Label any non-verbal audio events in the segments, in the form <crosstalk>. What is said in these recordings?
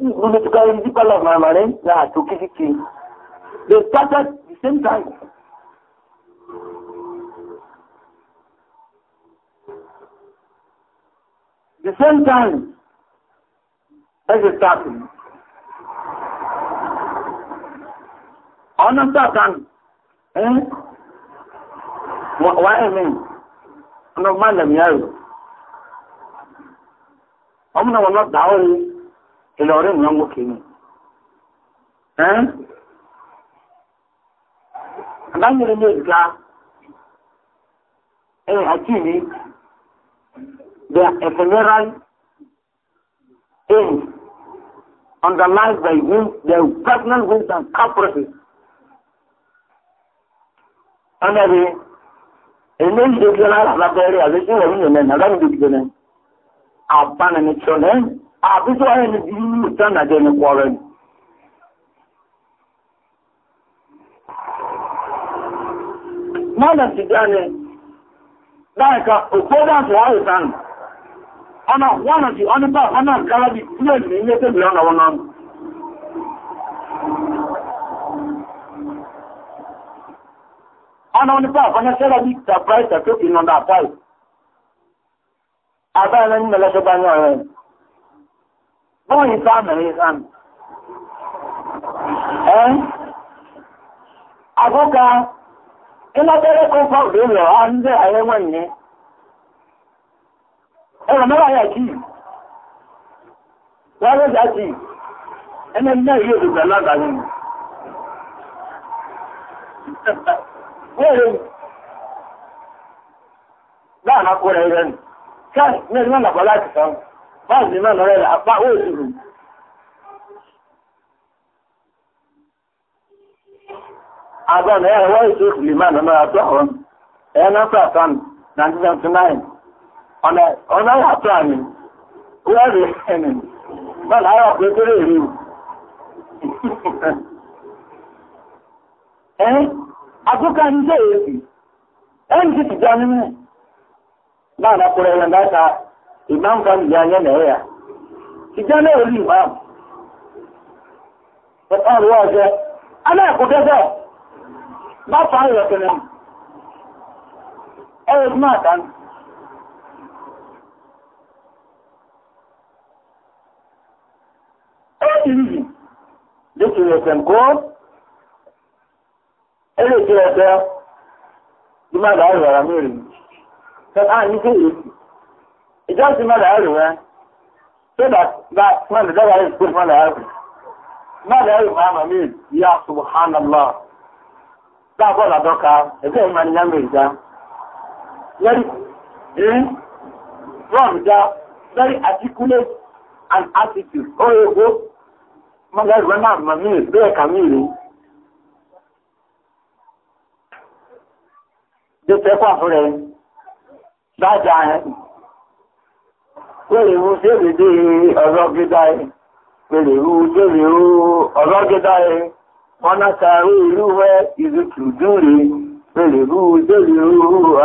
Lunatically, people of my money, nah, to kick it. They started the same time. The same time as it started. Ọ̀nà sàkàn, ẹ́ wà ẹ̀mí, ọ̀nà mọ́lẹ̀mí ẹ̀rọ. Ọmọ náà wọ́n lọ dáwọ́ yìí. Ìlọrin ìyàn wókè ni. Àbáyọ̀rẹ́ lè ga ẹ̀yìn àti ìní their ephemeral aims underlined by him their personal wings and caprices. Ọ̀nàbí ẹ̀mí ìdókè lára àbábẹ́rẹ́ àbẹ́sí ìwọ̀n ìyẹn náà lábẹ́ ìdókè náà. Àbánanìtọ̀ náà àbísọ̀ ẹni bíi return again ní quarrel. Mọ́nà ti dá ní láìka òpó dáàtì wọ́n rẹ̀ tánù. Ọ̀nà wọ́n àti ọ́nìbà ọ̀nà kára bí ilé ìlú ilé tẹ́bìrì ọ̀nà wọn náà. Ọ̀nà onípa ọ̀nà sẹ́rọ̀ bí tàbí tàbí tàbí nọ̀dà 5. Àbáyẹ̀ ní mẹ́lẹ́sọ́gbá ní ọ̀rẹ́. Bọ́ ìta mẹ́rin sánù. Ẹ́ àkọ́kà ilọ́tẹ́rẹ́ kan fọ́ọ̀dé lọ á ń bẹ́ ààrẹ wọ́n ní. Ẹ̀rọ mẹ́wàá yà kí wọ́n rẹ̀ jà sí ẹni ní ìlú ìdìbò lágbàáyé. Wẹ́rẹ̀ láàrín akọ́rẹ̀ rẹ̀ nù. Káà ní báàsì náà lọ́rẹ́ rẹ̀ apá òòrùn agbọ́n ẹ̀yà ẹ̀wọ́ ìṣòkù lè máa lọ́nà àtọ́ àwọn ẹ̀yà náà sàtàn 1979 ọ̀nà àtọ́ àmì wẹ́rẹ̀ ẹ̀nì bọ́ọ̀ láyọ̀ pé kéré ìrìn ẹ̀yìn àtúkà ní jẹ́ èsì ẹ̀yìn ti ti jẹ́ láàrín ẹ̀yàn dáta imam kan yanya na ya kijana yoli imam Quran wa je ana ko daga ba fa ya kana eh ma kan eh yi dike ya kan ko ele ke ya ima da ya ramiri kan an yi ke just mother everywhere. So that, that mother, that is good mother Mother I mean, ya subhanallah. That was a doctor, a very man young man. Very, eh? go. pèrè mú sèbè dé ọ̀rọ̀ gẹ́dá ẹ̀ pèrè mú sèbè ọ̀rọ̀ gẹ́dá ẹ̀ mọ́nàkàrí ìlú wẹ́ ìzùtù dúrè pèrè mú sèbè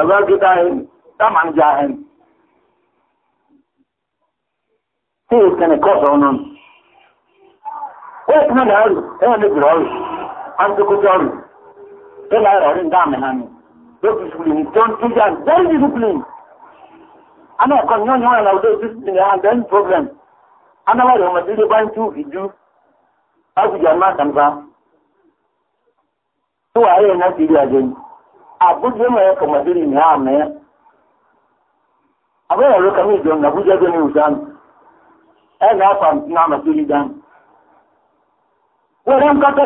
ọ̀rọ̀ gẹ́dá ẹ̀ támàjà ẹ̀ tí ìkẹnì kọ́sọ̀ ọ̀nà ó kí mọ́nà ọ̀rù ẹ̀wọ̀n ní bìrọ̀ ọ̀rù àtúkọ́tọ̀ ọ̀rù tó láyọ̀ ọ̀rù ń dáàmì hàn ní lókùsùlùmí tó ń tún jà very disciplined ana ẹ̀kọ́ ní ọ̀nyọ́ ẹ̀nà ọdọ́ ojú sí ní and then problem ana wà lè wọ́n ti lè bá ń tú ìdú àgùjà máa kànfà tó wà ayé náà ti rí àjẹ yìí àbújá mọ̀ ẹ̀kọ́ mọ̀ délé ní àmẹ́ àbẹ́yẹ̀ ló kàmí ìjọ ní àbújá tó ní ìwùsàn ẹ̀ ní àfà ní àmà tó rí dán wọ́n rí nǹkan tó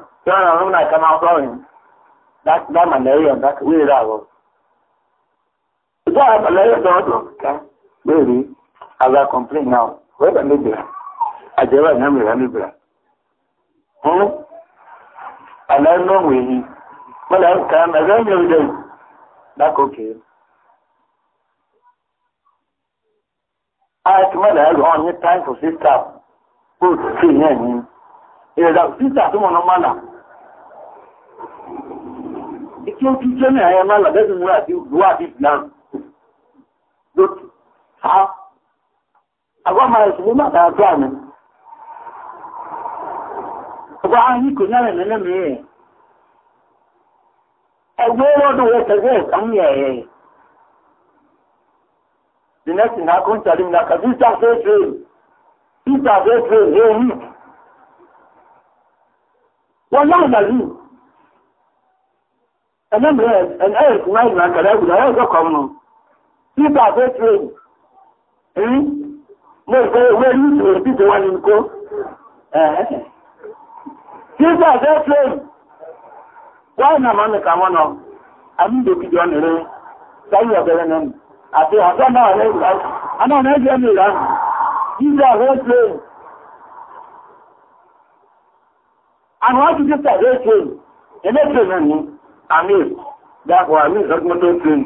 ti So now when come out from that that malaria that weird i was. Is that malaria doctor? Okay. Baby, I will complain now. Where the Libra? I gave her name the Hmm? And I know where he. Well, I come. I don't know them. That's okay. I come out on your time for sister. Put three in. Is that sister someone on manner? Ikin jẹ́ ní àyẹ máa làbẹ́sùn múra àti ìlúwà àti ìlànà. Lótú, ha, àgbà máa ìṣòro máa dáa tó àmì. Ọgbà ahìí kò ní àrẹ̀ mẹ́lẹ́ mẹ́rẹ̀. Ẹgbẹ́ rọ́dún wọ́n tẹ̀gbẹ́ ìkàmì ẹ̀yẹ. The next thing I couldn't tell him that because this is a train. This is a train, hey, he. ẹ̀mẹ́ mìíràn ẹ̀ẹ́ ìkúnwá ìgbà kẹ̀lẹ́ ìgbà ẹ̀ẹ́ ìjọ kan mọ̀ pípa fẹ́ tírèdì ẹ̀rí mo fẹ́ ìwé ní ìṣòro tí ti wá ní kó pípa fẹ́ tírèdì wáyé náà máa ń kà wọ́n nọ àmì ìdòkìdì ọ̀nà rẹ̀ sáyé ọ̀bẹ̀rẹ̀ náà àti amir dápò amir sọ́kúnmọ́ tó tún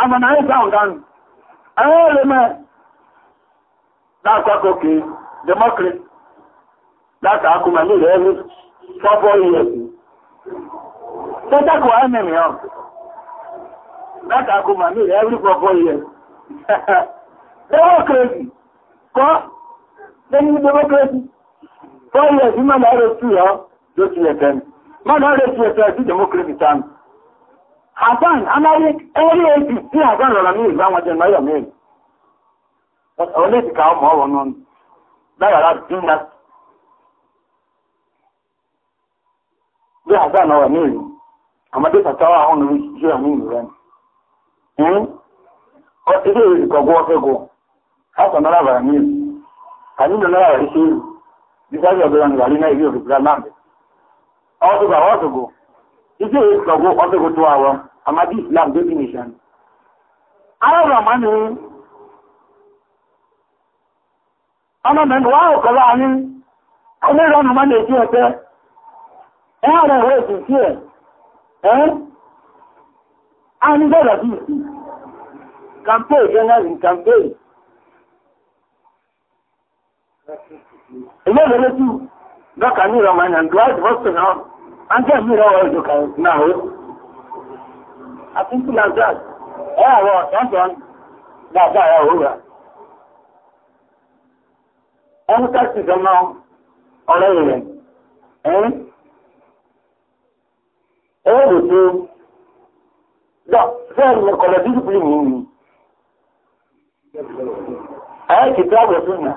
àmàna ayé sáwọn dánù ayé lè mẹ́ láàkọ́ kòkè democrat láti akọmọ ní ilẹ̀ ẹ̀rí fọ́fọ́ ilẹ̀ tó dákò ayé mẹ́rin ọ̀ láti akọmọ ní ilẹ̀ ẹ̀rí fọ́fọ́ ilẹ̀ democrat kọ́ lẹ́yìn democrat fọ́ ilẹ̀ sí mọ́lá rẹ̀ sí ọ́ lóṣìlẹ̀fẹ́m mọ́nà lóṣìlẹ̀fẹ́ sí democracy Hassan, tan hasan amáyé ẹwọ́lé èdè tí hasan rọ̀rọ̀ ní ìgbà wọn jẹ́ náyọ̀ mẹ́rin ọ̀lẹ́ ti ká ọmọ ọ̀rọ̀ náà láyàrá dínà bí hasan ọ̀rọ̀ mẹ́rin àmọ́dé tàtàwà àwọn ọmọ ìṣẹ́ àmì ìrẹ́ ilé ìkọ̀gbọ́ ọ̀fẹ́gọ́ hasan ọ̀rọ̀ mẹ́rin àníjọ náà rẹ̀ ṣe é bí sáré ọ̀bẹ̀rẹ̀ ní wàlẹ́ náà ìrí òrùka náà ọdụgụ ọdụgụ isi eyi sọgụ ọdụgụ tụọ awọ amadi islam definition arọrọ mmanụ ọnụ mmanụ wa ahụ kọrọ anyị onye ọnụ mmanụ eti ete ihe ọrụ ewe esi isi e ee anyị gbọdọ dị isi campaign general campaign ilé ìrẹsì dọkà ní ìrọmọ ẹ̀yàn dwight boston náà Àǹtí ẹ̀mí rẹ̀ wọ́n ìjọkà náà ó. Àtúntò làǹtà ẹ̀ àwọn ọ̀tọ̀ọ̀tọ̀ dáadáa ẹ̀ òwúrọ̀. Ẹ̀mú táàkì ìjọba ọ̀rẹ́ rẹ̀ ẹ̀yìn. Ẹ yẹ́ lòtó dọ̀ fẹ́ẹ̀ ní kọ̀lọ̀ dídùkú yìí nìyí. Ẹ̀ kìtà àbọ̀ náà.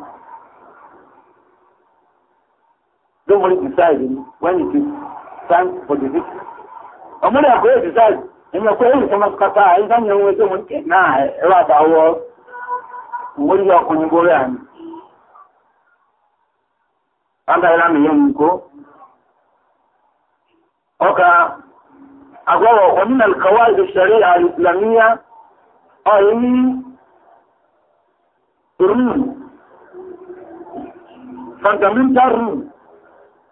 somebody decide when it is time for the victory. ọmọdé àkóyè decide ẹni ọkọ èyí sọmọ kàkà ẹni sọmọ ẹni wọn sọmọ ní náà ẹwà àtàwọ ìwọlé ọkùnrin borí àná. Bàbá ìlà mi yẹn nìkó. Ọkà àgọ́wọ̀ ọ̀nà ìkàwá ìṣẹ̀rí àìsìlámíyá ọ̀yẹ́ ní rúùn. Fundamental rule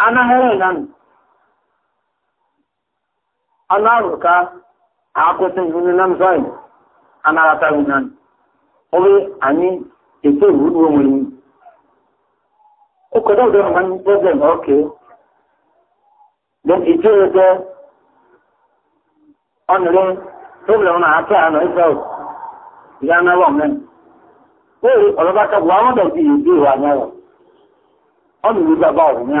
ana herenan ana ruka akotin hununan soin ana rata hunan obi ani ito rudu omuni ukoda problem okay then ito na ata ano ito ya na wa men Oye, ọlọ́bàtà wà wọ́n dọ̀ bí ìdí ìwà náà. Ọ́nà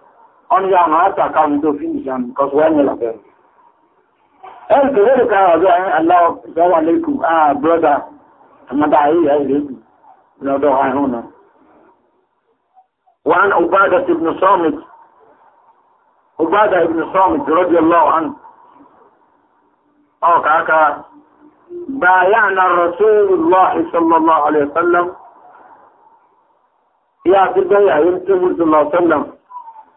ọ̀nà àmà àtàkà ní tó fi ìṣàmì kọsù wọ́n ní lọ́pẹ̀rù. ẹ̀rù tó rẹ̀ ká ọ̀dọ́ ẹ̀ aláwọ̀ ìjọba lẹ́kùn àà brọ́dà àmàdà àyíyà ìrẹ́bù lọ́dọ̀ àìhùn náà. وعن عبادة بن صامت عبادة بن صامت رضي الله عنه أو كاكا بايعنا رسول الله صلى الله عليه وسلم يا عبد الله يمتم صلى الله عليه وسلم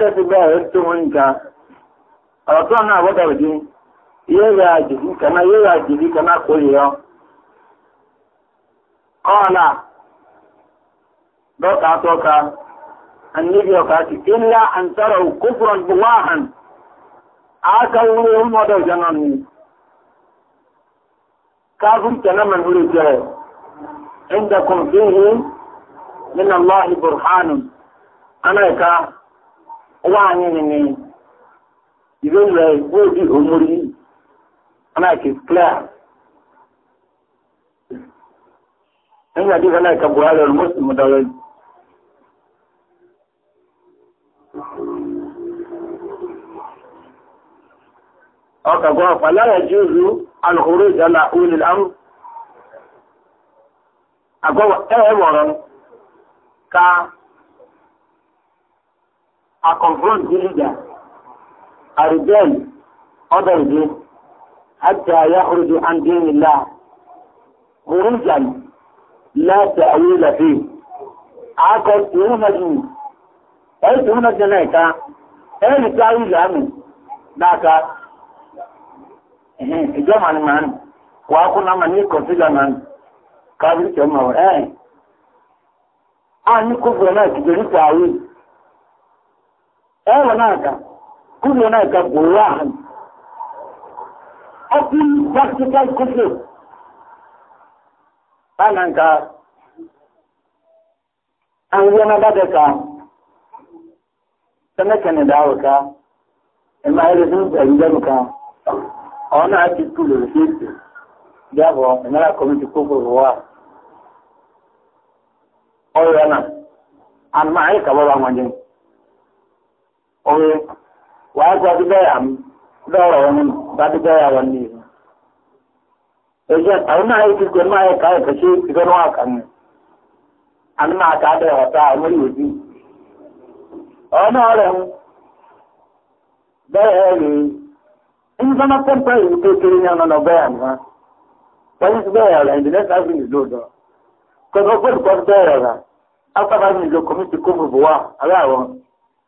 lórí ẹsẹ̀ bá ẹ̀rọ tó wọn nǹkan ọ̀rọ̀ náà wọ́dà òdi yóò yà jìbí kaná yóò yà jìbí kaná kó yẹ ọ́ kọ́ọ̀là dọ́ka tọ́ka annabi ọ̀ka ti ilá àǹtara òkúfùrọ̀ buwáhàn aka wúlò ń mọ́dọ̀ jẹ́nà ni káfíń tẹ̀lé mẹ́rin wúlò wa ni ni even like wo di omori ana ke clear en ya di kana ka buhari al muslim da wani ọkà gbọ́ fàlàyé jùlọ alùkòrò ìjọba òní lámù àgọ́wọ̀ ẹ̀wọ̀rọ̀ ká I confront the leader. I rebel others حتى يخرج عن دين الله خروجا لا تأويل فيه عقل يوم الجنة أي يوم الجنة أي تأويل أمن ذاك ìjọba ni màá nù wà á kún náà ní kọ̀sílà màá nù káàbí ìjọba ẹ̀ á ní kófò náà kìjọ nípa àwìn na-aka, ee wanaagga guri wanaagga buuwa ka hadii practical kufur ka. anwanabadeka sanakane daawaka imaelesaidaruka ona atikulorosisi jabo imara komiti kufuruwa oyana anmaai kababanwajen ohun wàá gbọ́ bí bẹ́ẹ̀ àmì lọ́rọ̀ ohun bá bí bẹ́ẹ̀ àwọn ní ìlú. èyí àwọn náà yóò ti gbé máa ẹ̀ka ẹ̀ka ṣe ìgbẹ́ náà kà mí. àmì máa kà á bẹ̀rẹ̀ ọ̀tá àwọn yóò bí. ọ̀rọ̀ náà rẹ̀ ń bẹ́ẹ̀ rè é ní sọ́nà pẹ́ńpẹ́ ìlú kékeré ní ọ̀nà bẹ́ẹ̀ àmì wọn. wọ́n ti bẹ́ẹ̀ rẹ̀ ìdílé sáfì nìlóòdọ̀.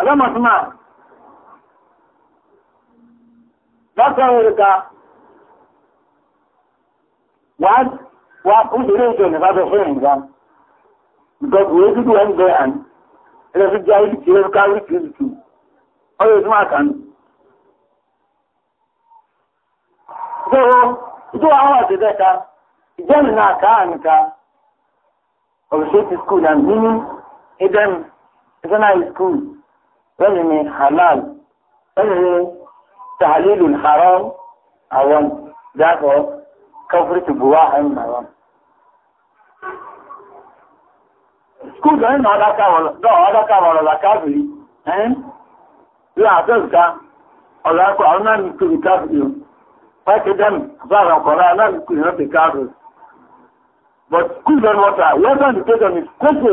ọlọ́mọ tó máa lọ́sọ̀ òrùka wà wà fún ìlú ìjọ nípa tó fún ìgbà gbogbo ojú tó ń bẹ àná ẹ̀rọ fi jẹ́ orí tí ó ká orí tí ó tù ọyọ tó máa kàn. Gbogbo tó àwọn àtẹ̀tẹ̀ ká ìjẹ́ mi náà ká àmì ká ọ̀rọ̀ ṣe ti skul and meaning eden is a nice school. ẹni ni halal ẹni ni tahalilu haram àwọn jáfọ kọfíríkì buwa ẹni màwọn. skul ẹni na ọdaka wọrọ la káfírí ẹni yóò àtọ́síká ọ̀rọ̀ akọ àwọn náà ní kiri káfírí o pàṣẹ dẹ́nu bára ọkọ̀rọ̀ àwọn náà ní kiri náà ti káfírí. but skul ẹni wọ́ta wọ́n sàn ní tẹ́jọ́ ní kókò.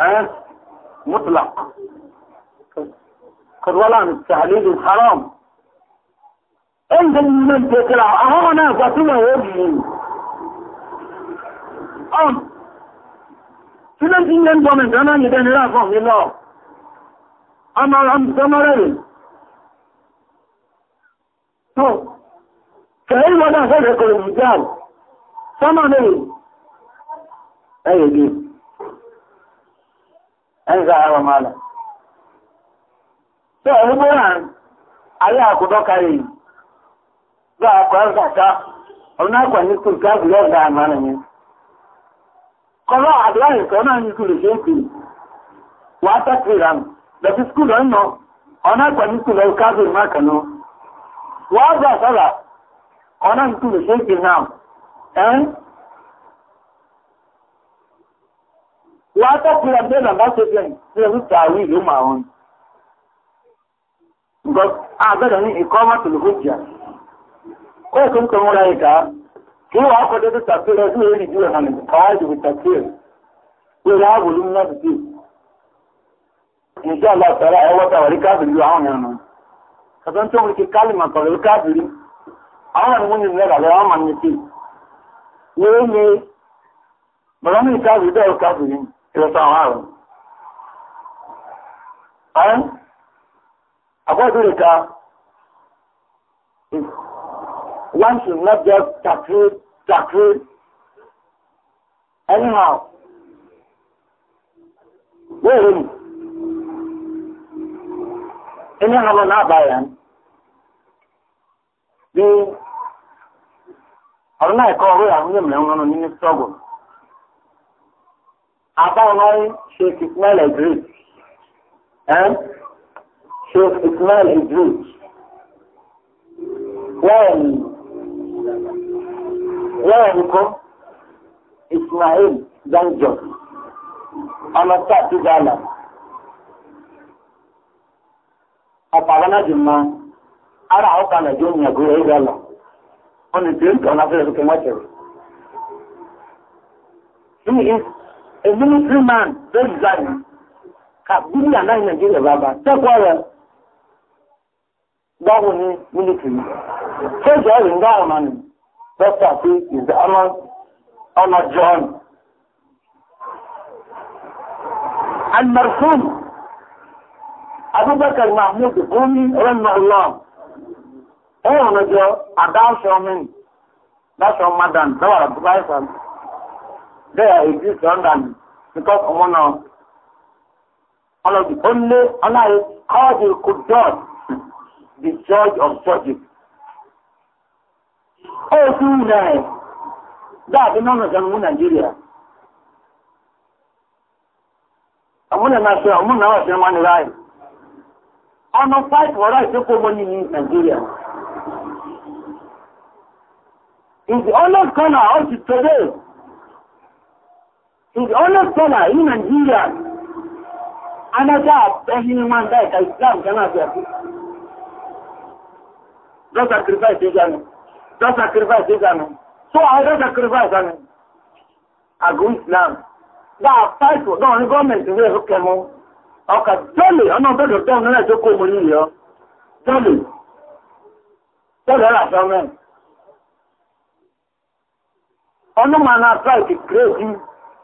أه؟ مطلق قد ولا التعليل الحرام انت من تطلع اهو انا قاتله وجهي ام سنن تنين بمن زمان يدن لا فهم الله اما ام سمرين تو كأي ولا فرق الرجال سمرين اي دي ẹn za ara mala so ẹni mọ́ra alẹ́ àkùdọ́ kárí gbọ́ àkọ́ ẹ̀zàká ọ̀nà àkọ́ ní kùn ká gùlẹ̀ ẹ̀dà àmàrà yẹn kọ́lọ́ àdúrà kọ́ náà ní kùn lè kì wà á tẹ́kì rà mù lọ́sí skúl ọ̀nà ọ̀nà àkọ́ ní kùn lọ́wọ́ káàbì ọ̀nà ní kùn náà ẹ̀yìn wàtò kúlẹ̀ ya ọ̀nà bàtò kúlẹ̀ ní ọ̀nà tààwí ìlú mà wọn. Nǹkan àgbẹ̀dọ̀ ní ìkọ́mọ̀ tòlùkù jà. Ó yẹ kó ń a. múra ìka. Kí wàá kọ́ tó tàfé rẹ̀ sí lórí ìdílé hàn a ìdìbò tàfé rẹ̀. Wọ́n yà á wòlú ní láti dé. Ìṣẹ́ àlọ́ àtàrà ẹ̀wọ́ tàwárí lu àwọn ń tó kí tọ̀rọ̀ Àwọn kí ló sáwọn àrùn ẹ́n ka one should not just tattoo tattoo anyhow wéèrè mi ẹni àwọn náà ń bí ọ̀rọ̀ náà ẹ̀kọ́ ọ̀rọ̀ ìyàwó yẹn mìíràn nínú struggle. àbáwọn sheikh ismail idris sheikh ismail idris wọ́n wọ́n kọ́ ismail zanjọ ọmọ sáà ti gánà ọ̀pọ̀ àwọn ara àwọn kan nàìjíríà ń yàgò ẹ̀yẹ gánà wọ́n a military man don zani ka bíbí àná nàìjíríà take tẹ́kọ̀ọ́ rẹ̀ báwo ni military ṣéjọ́ rẹ̀ ń dá ọ̀nà ni dókítà is the ọmọ ọmọ john almarhum abubakar mahmud bumi rahmanullah ẹ̀yọ̀ ọ̀nà jọ adáṣọ́ mi dáṣọ́ madam dáwà àbúbáyé sàmì there exist under me because ọmọ náà ọlọ́dún ó lé ọláyé kọ́ọ̀dù kò judge the judge of judges. ó tún wù náà ẹ̀ dáàbí náà nìkan mú nàìjíríà. ọmúnà náà ṣe ọmúnà náà ṣe wọn ni ráì ọmọ fight for right tó kó wọn ní nàìjíríà. is the only corner of today to the honest dollar in Nigeria, another person one died, Islam cannot be approved. Don't sacrifice Islam. Don't sacrifice Islam. So I don't sacrifice Islam. I go Islam. That fight for the government to wear hook them all. Okay, jolly, I'm not better down than I took over here. Jolly. Tell her that's all, man. Ọlọ́mọ àná àtúrà ìkìkìrẹ́ yìí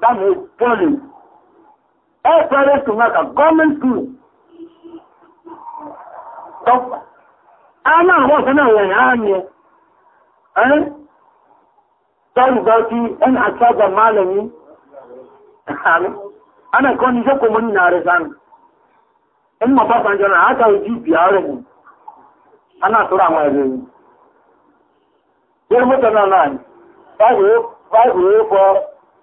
that is failing. Air private school not a government So, I'm not working on Eh? and I the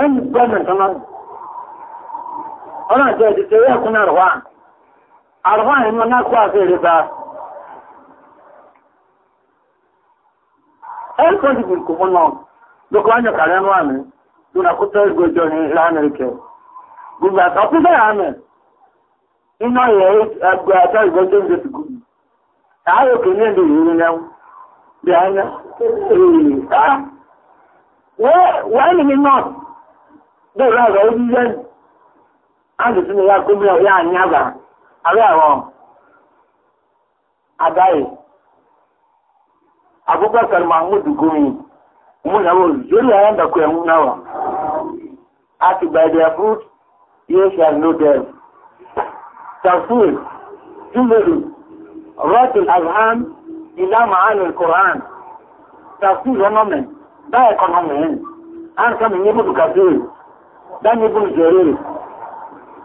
ẹ̀yìn gbọ́nà tọ́lá nọ àti ẹ̀dìtẹ̀ yẹ́ ẹ̀kún àrùwá àrùwá ìmú nákọ́ àti ìrìbá ẹ̀kọ́ ìgbìn kò mọ́ náà lókọ́ ányọ̀ kàrẹ́ ẹnu àmì lónà kó tẹ́ ìgbójọ ní ìlànàríkẹ gbogbo àtọ́kùnlẹ̀ àmì iná ìyẹ̀ ẹgbẹ́ àtọ́ ìgbójọ ń dẹ̀tù gùn ààyò kì ní èdè yiri na bí i ányá wẹ́ẹ̀lì dóòlù àgbà ó ní yẹn áàdì sínú ya gómìnà ya àní àgbà àbẹ́ àwọn àdáyé abubakar mahmud gumi muna wo zuri a yanda ku by their fruit ye shall know them tafsir jumlu rat al-azham ila al-quran tafsir wannan da ya kan wannan an kamin yi mutu kafir دعني ابن جرير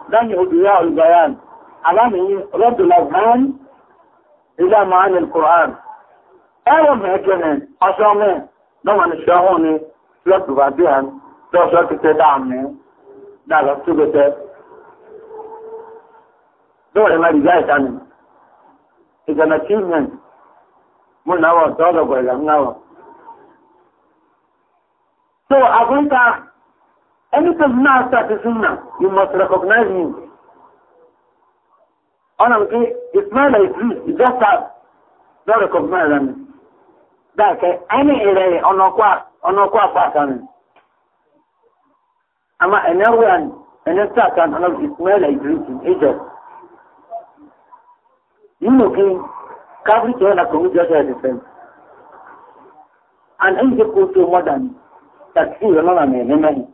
دعني أدياء البيان علامي رد الأذهان إلى معاني القرآن أعلم هكذا أشامي نوعا الشاهوني لك بعدها لو شرك تدعمني لا لا تبت دوري ما رجعت عنه إذا نتيجة من هو طالب ولا من هو So, I think that Any person now starts a sunnah, you must recognize him. On it's Ismail is Jewish, he just have no recognize him. That okay, any area on okwa on okwa pattern. Ama anywhere and any start and on Ismail is Jewish in Egypt. You know, okay, Kavri to hell are coming as the same. And Egypt goes to modern, that's still another man, amen.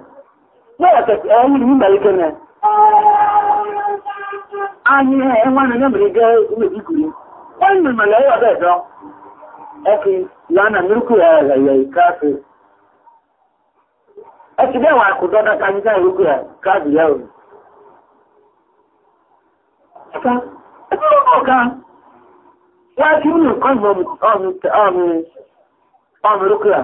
wọ́n tẹ̀sẹ̀ ẹ̀yìn ní ìgbà ike mẹ́. Anyị ẹ̀wọ̀n ní ẹ̀mìrì gẹ́ ìwé ìkùrì. Wọ́n ní ìmọ̀lẹ̀ ẹ̀yọ̀ bẹ́ẹ̀ dán. Ẹ̀kì lánà mírùkù ẹ̀rẹ̀ yẹ̀ káàfì. Ẹ̀kì bẹ́ẹ̀ wà kò dọ́dọ̀ ká nígbà mírùkù ẹ̀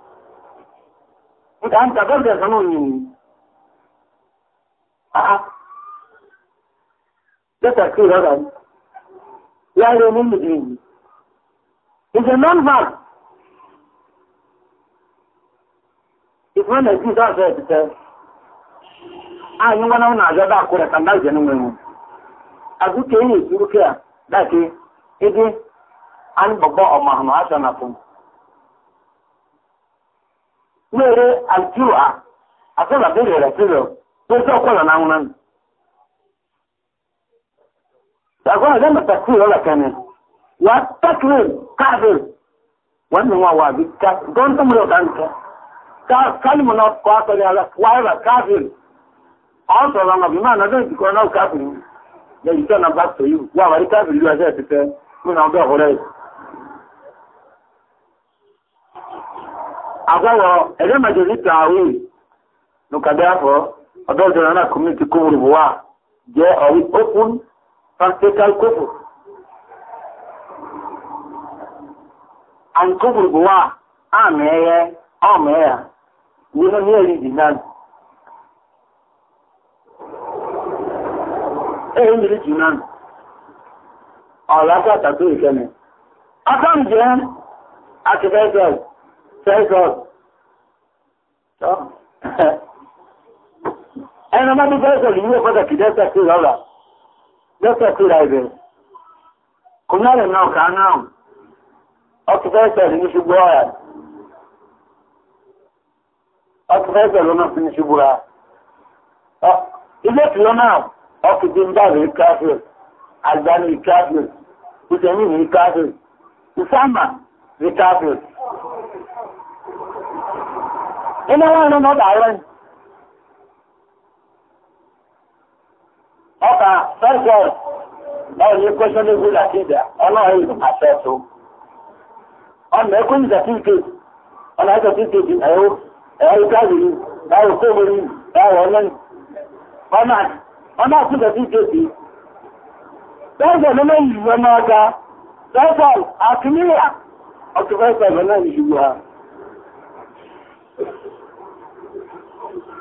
Nka A'a. Data ce ne. Ya a non-verb. if when the Jews are there to say, Ah, you want to know that I could have come back to you. I could tell you, you look here. it is, and mere aljua asema vile rasilo sio kwa na nauna takwa zama takwiro la kane wa takwir kafir wannan wa wa bikka don ta muro danka ta kalmu na kwa ta ne ala kwa ba kafir an so langa bi mana zan ko na kafir da ita na ba to yi wa wa kafir ya sai ta mun na ga hore agwawo ebe majority awi nuka therefore odo jona na community kumuri buwa je awi open practical kufur and kufur buwa ameye ameye nínú ní èyí dìnan èyí mìírí dìnan ọ̀rọ̀ akọ́ àtàkùn ìkẹ́ni ọjọ́ ìjẹ́ àti Sẹ́sọ̀n. Tọ́. Ẹnu ọmọ bíbá ẹ̀sọ̀ yìí wọ́n pàtàkì dẹ́sẹ̀ sí lọ́la. Dẹ́sẹ̀ sí ra ìbẹ̀rẹ̀. Kùnárẹ̀ náà kà náà. Ọkùnrin ẹ̀sọ̀ ní ṣubú ọ̀rà. Ọkùnrin ẹ̀sọ̀ lọ́nà sí ní ṣubú ra. Ilé ìtìlọ́ náà, ọkùnrin dáre káfíìn, àgbáni káfíìn, ìtẹ̀mí ní káfíìn, ìsámà ní nwaanyị e na ọ ọka fẹsẹl báwo ni kwesọ ní gbúdà ọ na ọlọ́run ìlú àṣẹ tó ọmọ ẹkọ ní sàtífíkè ọlọ́run ẹkọ sàtífíkè na ẹ̀rọ ìkáàdì yìí báwo kó borí báwo ọlọ́run ọmọ ọmọ àti sàtífíkè fẹsẹl ló lẹ́yìn ìwé náà ga fẹsẹl àtúnyẹ̀yà ọtí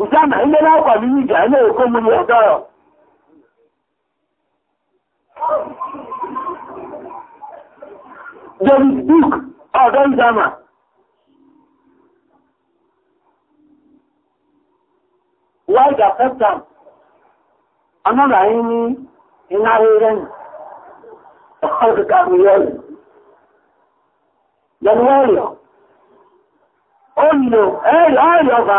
Ìjáàmà ilé láwà ní ìjà ilé èkó mú ní ọ̀dọ́rọ̀. David Duke, ọ̀dọ́ ìjáàmà. Wáìdà Peptam, ọ̀nàrà yí ní iná rẹ̀ ní ọ̀dọ̀kà mílíọ̀nù. January, ó nílò ọba.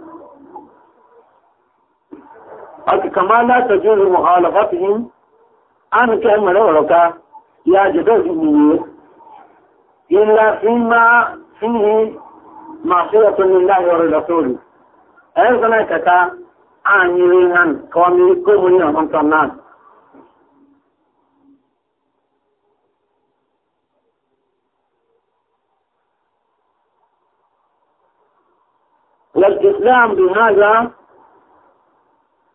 كما لا تجوز مخالفتهم أن كلمة لولك يا جدوز إلا فيما فيه معصية لله ولرسوله أيضا كتا أن يرينان كوامي كومني ومن كنان والإسلام بهذا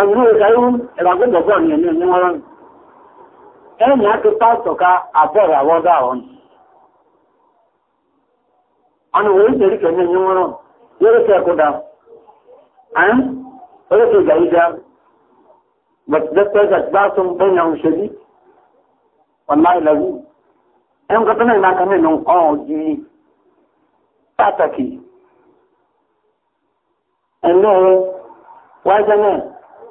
àwọn olóòrùka ihu ìràgbẹ́gbẹ̀gbọ́ ni ẹ̀mí ẹ̀mí wọ́n ẹ̀yìn àti pásítọ̀ ká àbọ̀rọ̀ àwọ́dá ọ̀hún ọ̀nà òwe ìjẹ̀rí kẹ̀mí ẹ̀mí wọ́n yóò fẹ́ kó dá ẹ̀m orí kò gbà yí dá but the president bá tún bẹ́ẹ̀ náà ń ṣe bí ọ̀la ìlàjú ẹ̀m kọ́tọ́ náà náà kàmí nǹkan ọ̀dí pàtàkì ẹ̀mí ọ̀rọ̀ wájú náà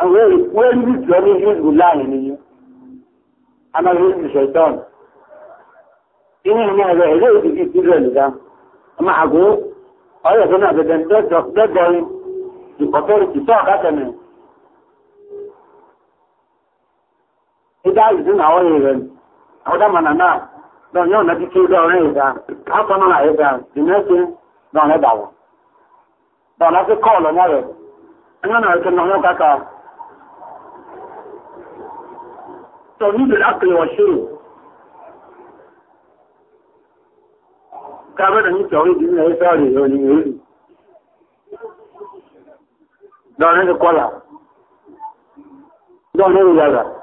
àwọn èkó ẹni jọ ní hezbo láàrin nìyí àmà hezbo ṣẹ̀tọ́n inú ìmọ̀ ẹ̀rọ ẹ̀rọ ìdíjì sílẹ̀ nìyá àmà àgó ọ̀rẹ́ tó náà bẹ̀rẹ̀ dẹ́gbọ́rin ìkọ̀tọ́rì tìtọ́ àkátẹ̀mẹ̀ ìdá ìdí náà rẹ̀ àwọn náà lọ náà ìdá ọ̀rẹ́ ìdá ìmẹ́sẹ̀ náà توحيد الأكل والشرب كابر أن توحيد إنه يساري يولي يولي دون هذا قولا دون هذا جاغا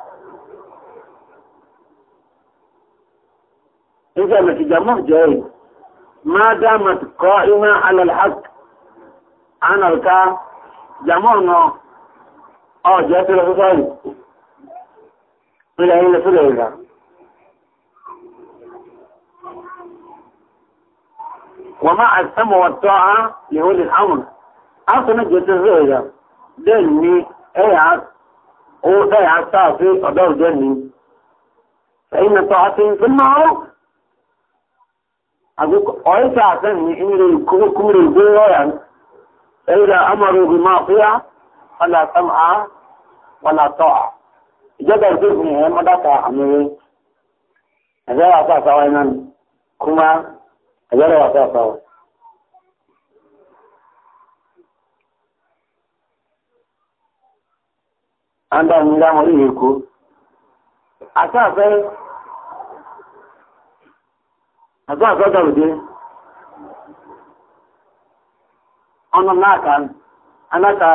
إذا ما تجمع جاي ما دامت قائمة على الحق أنا الكا جمعنا أو جاتل الغزالي من أين سليمان ومع السمع والطاعة لأولي الأمر أصلا جتزوجة دلني أيعت وضيع الصافي أدور دلني فإن طاعتهم في المعروف أقولك أي أعتني إن يكون الجوع يعني. إذا أمروا بمعصية فلا سمع ولا طاعة ìjọba ìdókòwò ní ẹ mọ́dáka àmìrí ẹ̀yẹ́rọ àtàtàwọ̀ iná ni kúmá ẹ̀yẹ́rọ àtàtàwọ̀. anda nyira mo ihe ko a afe asa ọnụ n'aka anaka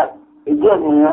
ya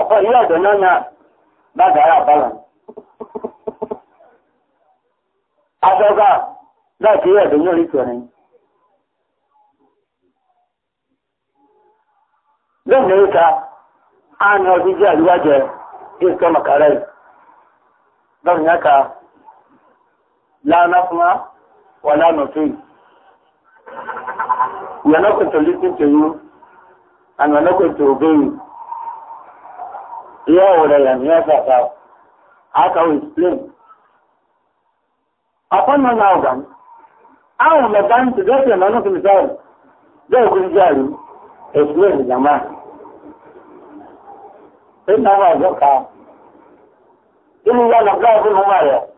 ọ̀pọ̀ ilé ọ̀dọ̀ náà náà lágbàáyà bọ́lá. Adọ́gà láti ilé ọ̀dọ̀ a ní ọdún jẹ́ àríwájẹ ìtọ́ màkàrẹ́ lọ́rùn yáka lánàá fún wa wà lánàá We and we're not going to obey you. Here or I am, here that thou. How can we explain? Upon my now then, I am a time to get him, I'm not going to tell They will tell you, explain the man. Then now I look out. Then you want to go to Mumaya.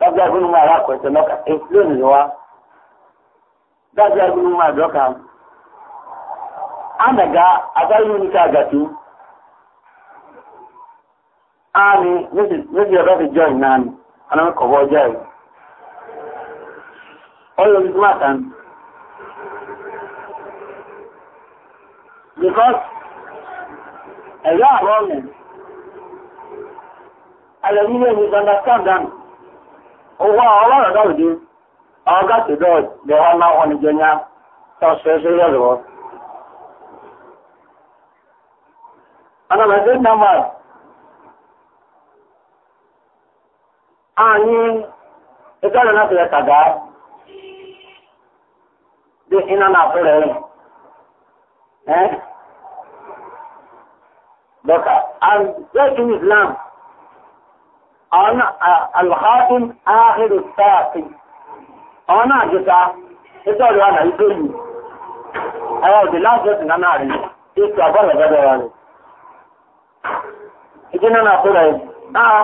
That's why I'm going to explain the one za su yafi numa doka ana ga a tsarin nika gatu ami nisi ya rafi joy nani ana mai kogo joy oyo nisi matan because ẹ̀yà àwọn ọmọ alẹ́ nílé mi understand am owó ọlọ́rọ̀ dáwùdé ọgá ti dọ́ọ̀ lè wọ́n máa wọn jẹ ní tọ́sẹ̀ sí Anàmẹ́sẹ̀ nàmà ààyí ìtọ́lẹ̀ náà fẹ́ kàgá bí iná náà fẹ́rẹ̀ rẹ̀. Ẹ́ Dọ́kà, àjẹ́kì àwọn alhàtún áhìrì sáà àwọn náà jẹta ẹjọ́ rẹ̀ àlà ìgbé lù ẹwà òdè láàjọ́sìn náà rẹ̀ ètò àbọ̀lẹ̀ gẹ́gẹ́ rẹ̀ ìdí náà kó rẹ̀ náà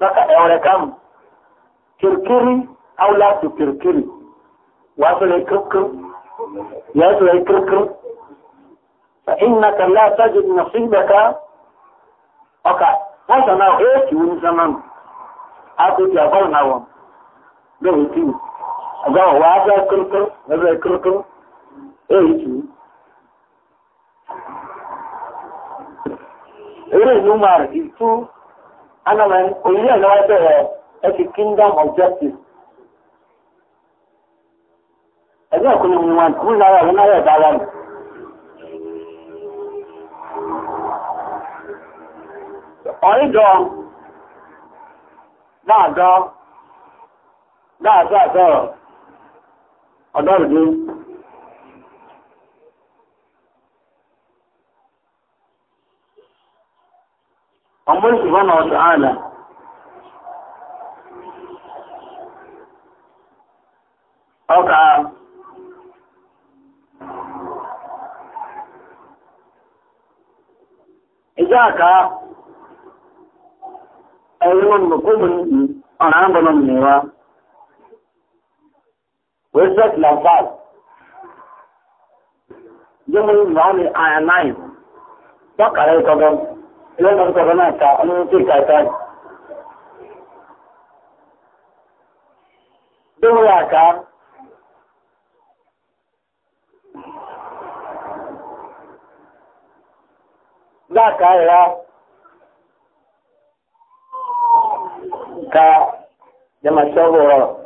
lọ́kà ẹ̀wọ̀rẹ̀ kam kìrìkìrì áwùlá tó kìrìkìrì wàá sọ̀rọ̀ kìrìkìrì yàá sọ̀rọ̀ kìrìkìrì فإنك لا تجد نصيبك أوكا هذا ما agaghị ọwa abịa kịrịkịrị ebe kịrịkịrị eyitu eré ìlú máa rì tú anamẹ òyìnbó ẹ̀ lọ́wọ́ bẹ̀rẹ̀ ẹ kingdom of justice ẹgbẹ́ ìkọlù mi wọn kú náírà wọn náírà ẹ̀dá wa nù. ọ̀dọ́rùn-ún ọmọ ìṣùgbọ́n náà ọ̀tọ̀ ààlà ọkà ìjọ àkà ẹ̀yìn ọmọ kó mú ọ̀nà àgbọ̀nà mìíràn wẹ́sẹ̀t lànfàl jẹ́mu ìmọ̀ọ́nì àyà náì tọ́kàrẹ́ ìkọ̀dọ̀ ìlẹ́nu ìkọ̀dọ̀ náà ta ọmọ tí ìka ìta yìí. yà ká láàká ìra ka jẹ́mà ṣọ́bù rọrùn.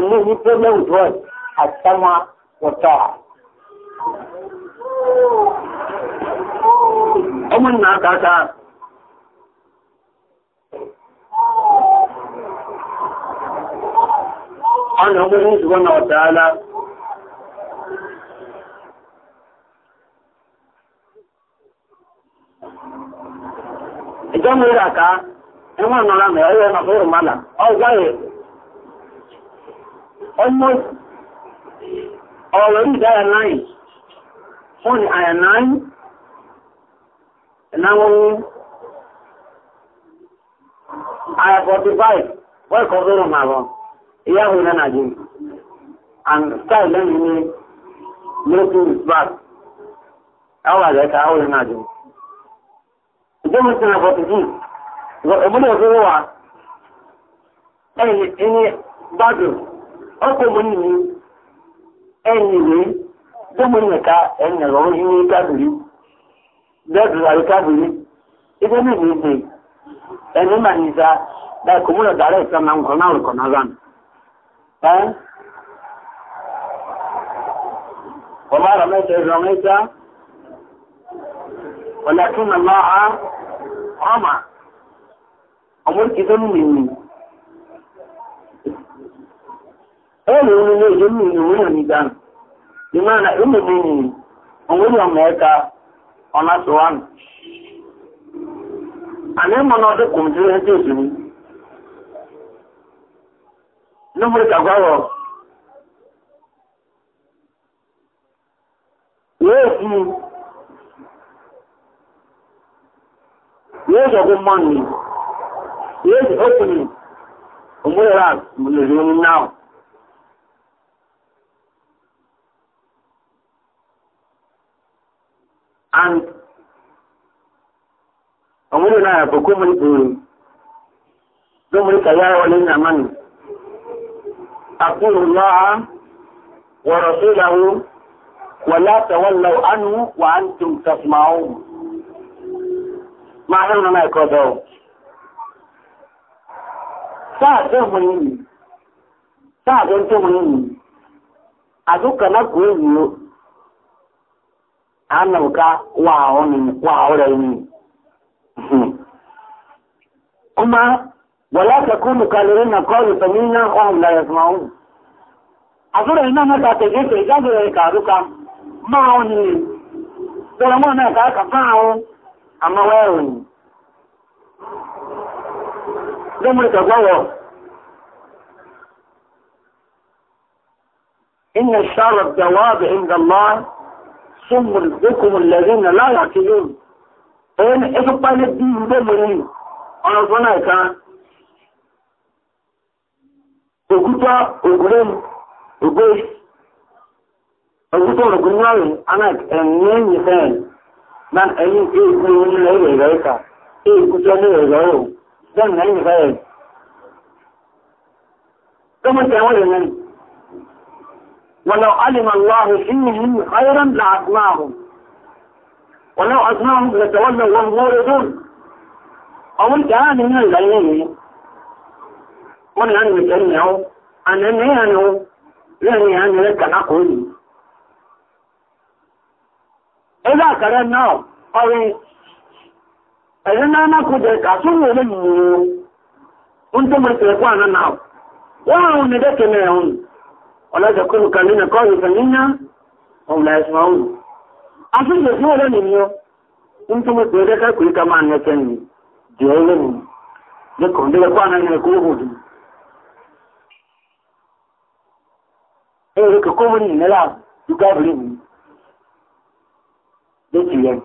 wa ta ụụ ụ a a aa almost already there are nine. Only I nine. And now I have 45. Why cover on my own? Yeah, we then And start learning me. No two is back. How are they? How are they? ti na 46. Ìgbà òmìnira òfin wà. Ẹni ẹni ọkụ ụmụnne enyiwe ụmụnne ka enyere ohi ihe kabiri bẹẹdùrà kabiri ibi ní ìlú ìgbè ẹni mà nìta báyìí kò múlò dàrẹ ìtàn náà nǹkan náà rìkọ̀ ẹ̀rọ ilé ìlú ìwúrò ní dánù ìmọ̀nà ìlú ọ na na mẹ́ta ọ̀nà sọ̀wánù àmì mọ̀nà ọdún kùmùtù rẹ̀ tí èsì ni lóbìrì kàgbọ́rọ̀ wee fi yóò sọ̀kún mọ́ni yóò sì ókùnrin òmúrẹ̀ rà mùlẹ̀ lórí ahụ. and ọmọdé na yàtọ̀ kó mọ̀lẹ́ kúrò lọ́mọdé ka wọlé ní àmàni àkúrò lọ́ha wọ̀rọ̀ wa ìyàwó wọ̀lá tẹ̀wọ́lọ́ ánú wà á ń tún tẹ̀sùmáwó máa hẹ́rù náà ẹ̀kọ́ dọ̀ sáà tó mọ̀ yìí sáà tó mọ̀ a àdúkà náà anauka waonin waoraini kuma <laughs> wala takunu kalirina qalu samina wa hum la a azura ina na ta tege jago ya karuka maoni dora mwana ka ka pao ama wewe ndio ka kwao inna sharra dawabi inda allah sumul bikum alladhina la yaqilun en eto pale bi nde mo ni ona zona ka oguta ogurem ogbe oguta ogunwawe anak enyen ni sen nan eyin ni le le e ku ni le lo dan nan ni fa e ولو علم الله فيهم خيرا لعصماهم ولو عصماهم لتولوا وهم موردون أو أنت هذه من الغيين قل أن يتنعوا أن ينهوا يعني انا لك نقول إذا كرنا أو أنا ما كنت أسوي لني أنتم من تلقوانا نعم وأنا ندك ما يهون ولا تكون كلنا قالوا فمنا هم لا يسمعون أصل يسمعوا لنا اليوم أنتم تقولوا كل كما أن يكني جاهلين لكم دي لكم أنا يقولوا إيه لك كومني نلا يقابلين لكي يعني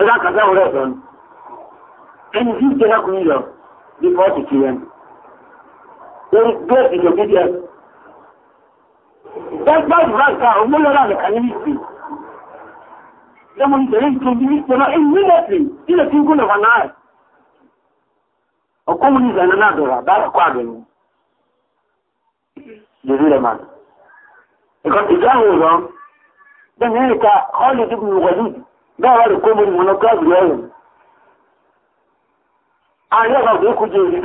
إذا كذا ورسل أن يجب لكم إلى بفاتك يعني they regret in obedience. That's why Raka Umulara the community. Someone is ready to be immediately in a single of an hour. A communist and another, that's a quadrant. The real man. Because if that was wrong, then here it are all the people who were lead. They were the communist monoclast. I never could do it.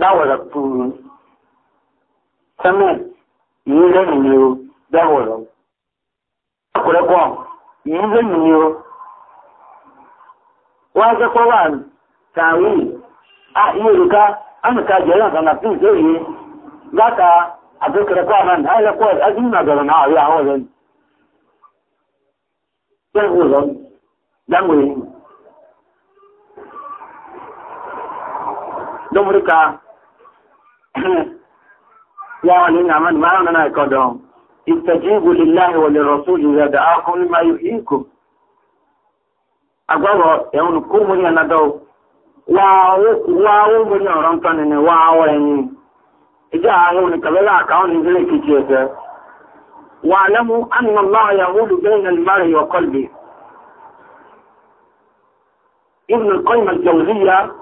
dawara puru cement yìí lẹ́nu ni o dawara ọ̀pọ̀lọpọ̀ yìí lẹ́nu ni o wọ́n á wà a òrùka amìka jẹ́rìí nǹkan náà fún yìí láta àtúnkẹ́kọ̀ọ́ àmà ní àìlẹ́kọ̀ọ́ domrika ya wani na man ma na ko don istajibu lillahi wa lirrasul idha da'akum lima yuhyikum agbawo ehun ku mu ni na do wa o wa o mu ni oran kan ni wa o yin ija ahun ni kabela ka on ni ki ti ese wa alamu anna allah yahulu bayna al-mar'i wa qalbi ibn al-qayyim al-jawziyya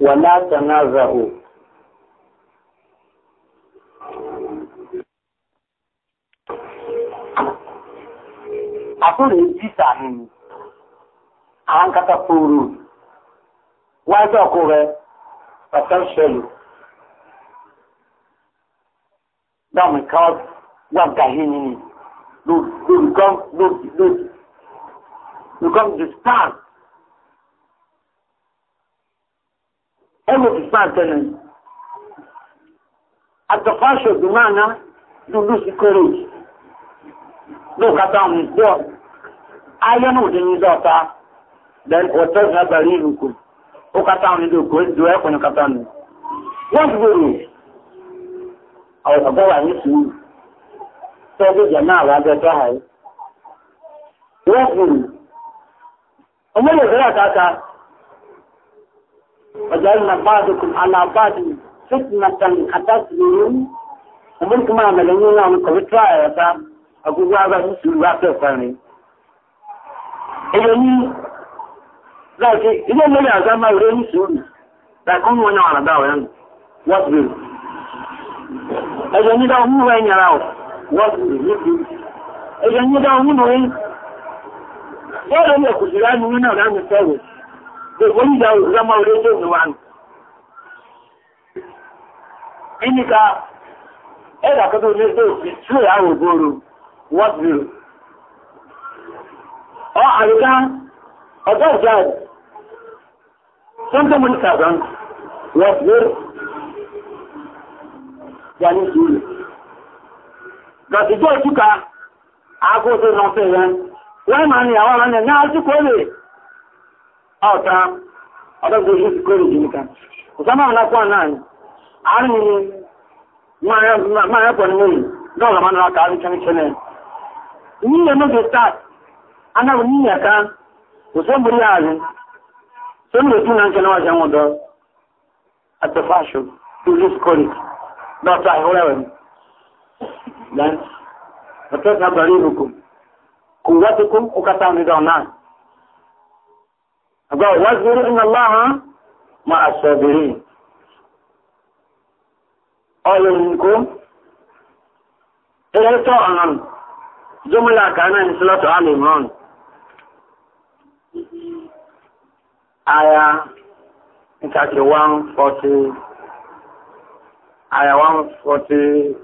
wàlá tànáza o. àtúrò jísà ni àwọn kata fòrò wájú ọkọ rẹ pàtàkì ṣẹlẹ dáàmì káwọ wà gàhí nínú lórí lórí lórí lórí lórí lórí lórí lórí ẹmu ìsàn tẹlẹ atọkọṣọ dùnmọ́nà dúdú sí kọ́lẹ́jì lóòkátà ọ̀hún ìgbọ́ ayé náà dín ní dọ́ta then ọ̀tọ́ ìgbà bàrí ìlú kù ó kátà ọ̀hún ìlú kù ìdúró ẹ̀kọ́ ní kátà nù. wọ́n ti wèrè àwọn ọ̀gá wà ní sùúrù tọ́jú jẹ̀ náà wà bẹ́ẹ̀ وجعلنا بعضكم على بعض فتنة أتصبرون ومن كما عملنا عنك بتراعي أقول هذا مسلم واقع ثاني إذن لكن إذا لم يعزم غير مسلم لكن هو نوع دعوة واصبر إذن إذا هم وين يراو واصبر إذن إذا هم وين لا لم يكن لأنه من أولاد الثالث da wanda zama wurin jin zuwan inika ẹ̀dà kọ́tọ̀ ní ẹgbẹ́ òfin tí ó yàwó gbòòrò wọ́pìlú ọ àríká ọjọ́ ìjáàdì sọ́ńtọ́ mọ́níkà gan wọ́pìlú yà ní sùúrù gàtìjọ́ ìtúkà àgọ́ tó náà fẹ́ rẹ̀ wọ́n máa ní àwọn ọmọ ní àtúkọ́ ọ̀ta ọ̀dọ́gbọ̀ oṣù ti kórè jù nìkan òsánmà ọ̀lápọ̀ náà ni àárín ni máa yẹ pọ̀ mẹ́rin dọ́ọ̀lá máa nọ́ra kàárín kẹ́rin kẹ́rin ní ilé méje start anáwó ní ìyàká òsèmùrí àárín sẹ́mùrè tún náà kẹ́lẹ́wà jẹ́ wọn àgbà wáṣírí iná láhá ma àṣọ̀bìrì ọ̀rọ̀ ìrìnkó ẹ̀rẹ́tọ̀ ọ̀ràn jọmọlá kanáà ní sílọ́tọ̀ alìmọ́n aya ìtàkì 140 aya 140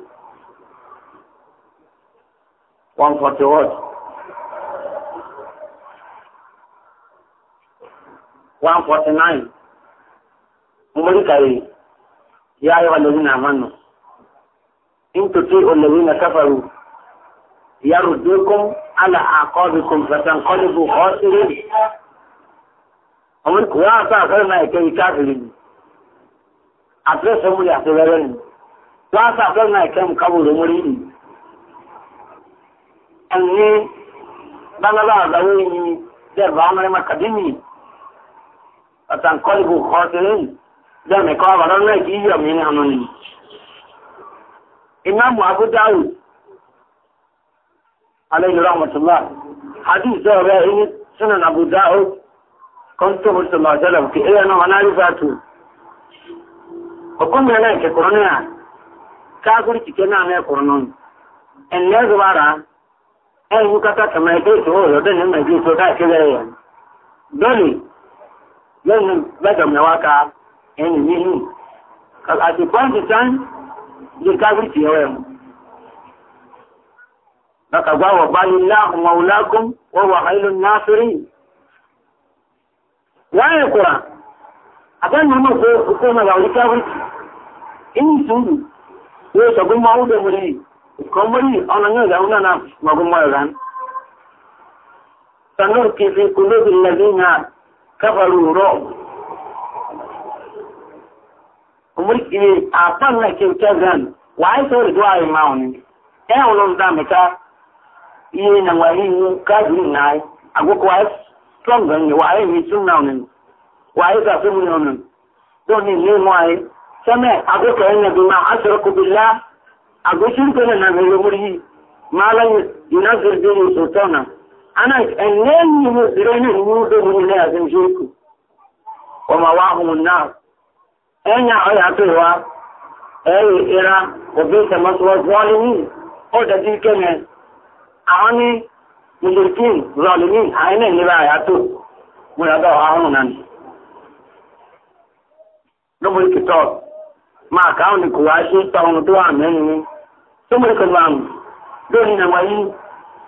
140 words one forty nine mmori kare ya yi walazi na manu in tuti olazi na kafaru ya rudukun ala akọbikun fatan kọlibu ọsirin ọmọdé kò wá sọ àfẹ́rẹ́ náà ẹ̀kẹ́ yìí káfíìrì ni àtúrẹ́sẹ̀ mú yà sí rẹ́rẹ́ ni wá sọ àfẹ́rẹ́ náà ẹ̀kẹ́ mú kábòrò mú rí ni ẹ̀yìn báńgálà àgbáwé ni dẹ́gbàá ọmọdé makadémì ọ̀tàǹkọ́lùbù ọ̀tẹ̀rẹ́yìn jẹ́mi kọ́ ọ̀rọ̀ náà kì í yọ̀ mí nínú ni. ìmáàmù abúdáwù alayhi rahmatullah hadith sọ̀rọ̀ bẹ́ẹ̀ ẹni sínú abúdáwù kọ́ńtò mùsùlùmá sẹ́lẹ̀ kì í yẹ náà wọn náà rí fàtù. ọkùnrin náà kẹkọ̀ọ́ náà káàkiri kìkẹ́ náà náà kọ̀ọ̀ náà ẹ̀nẹ́ zubara ẹ̀yìn kátà kàmá ẹgbẹ́ ìṣòwò ọ̀dọ́ ní ẹgbẹ́ ìṣòwò káàkiri ẹ̀yẹ. dọ́lì lẹ́yìn lẹ́gàmì àwáka ẹni nínú at the point in time lè kárí tì ẹ̀rọ ẹ̀mù mọ́ ọ́dọ̀ ọ̀nà yóò yà wọ́n náà mọ̀gbọ́n mọ́ ìran sanúrù kìí fi kúlóbì lẹ́gbẹ̀ẹ́ náà kafaru rom mulki a na kyauta zan wa ai sai e da ai maun eh ulun da yi na wani ka na ago ko ai strong gan ne wa ai mi sun na wa ai sun ni ne mu ai sama ago ka ne bi ma asraku billah ago na na mai umurki malan yunazir bi sultana ana enenyi mu irene umudo munene azimjiku wama wahu munna enya oya tuwa eyi ira wabisa masuwa zalimi o da dike ne ahani mujirkin zalimi aine ne ba ya tu muna ga ahunu nan nubu kitab ma ka ni kuwa shi ta wani tuwa menene na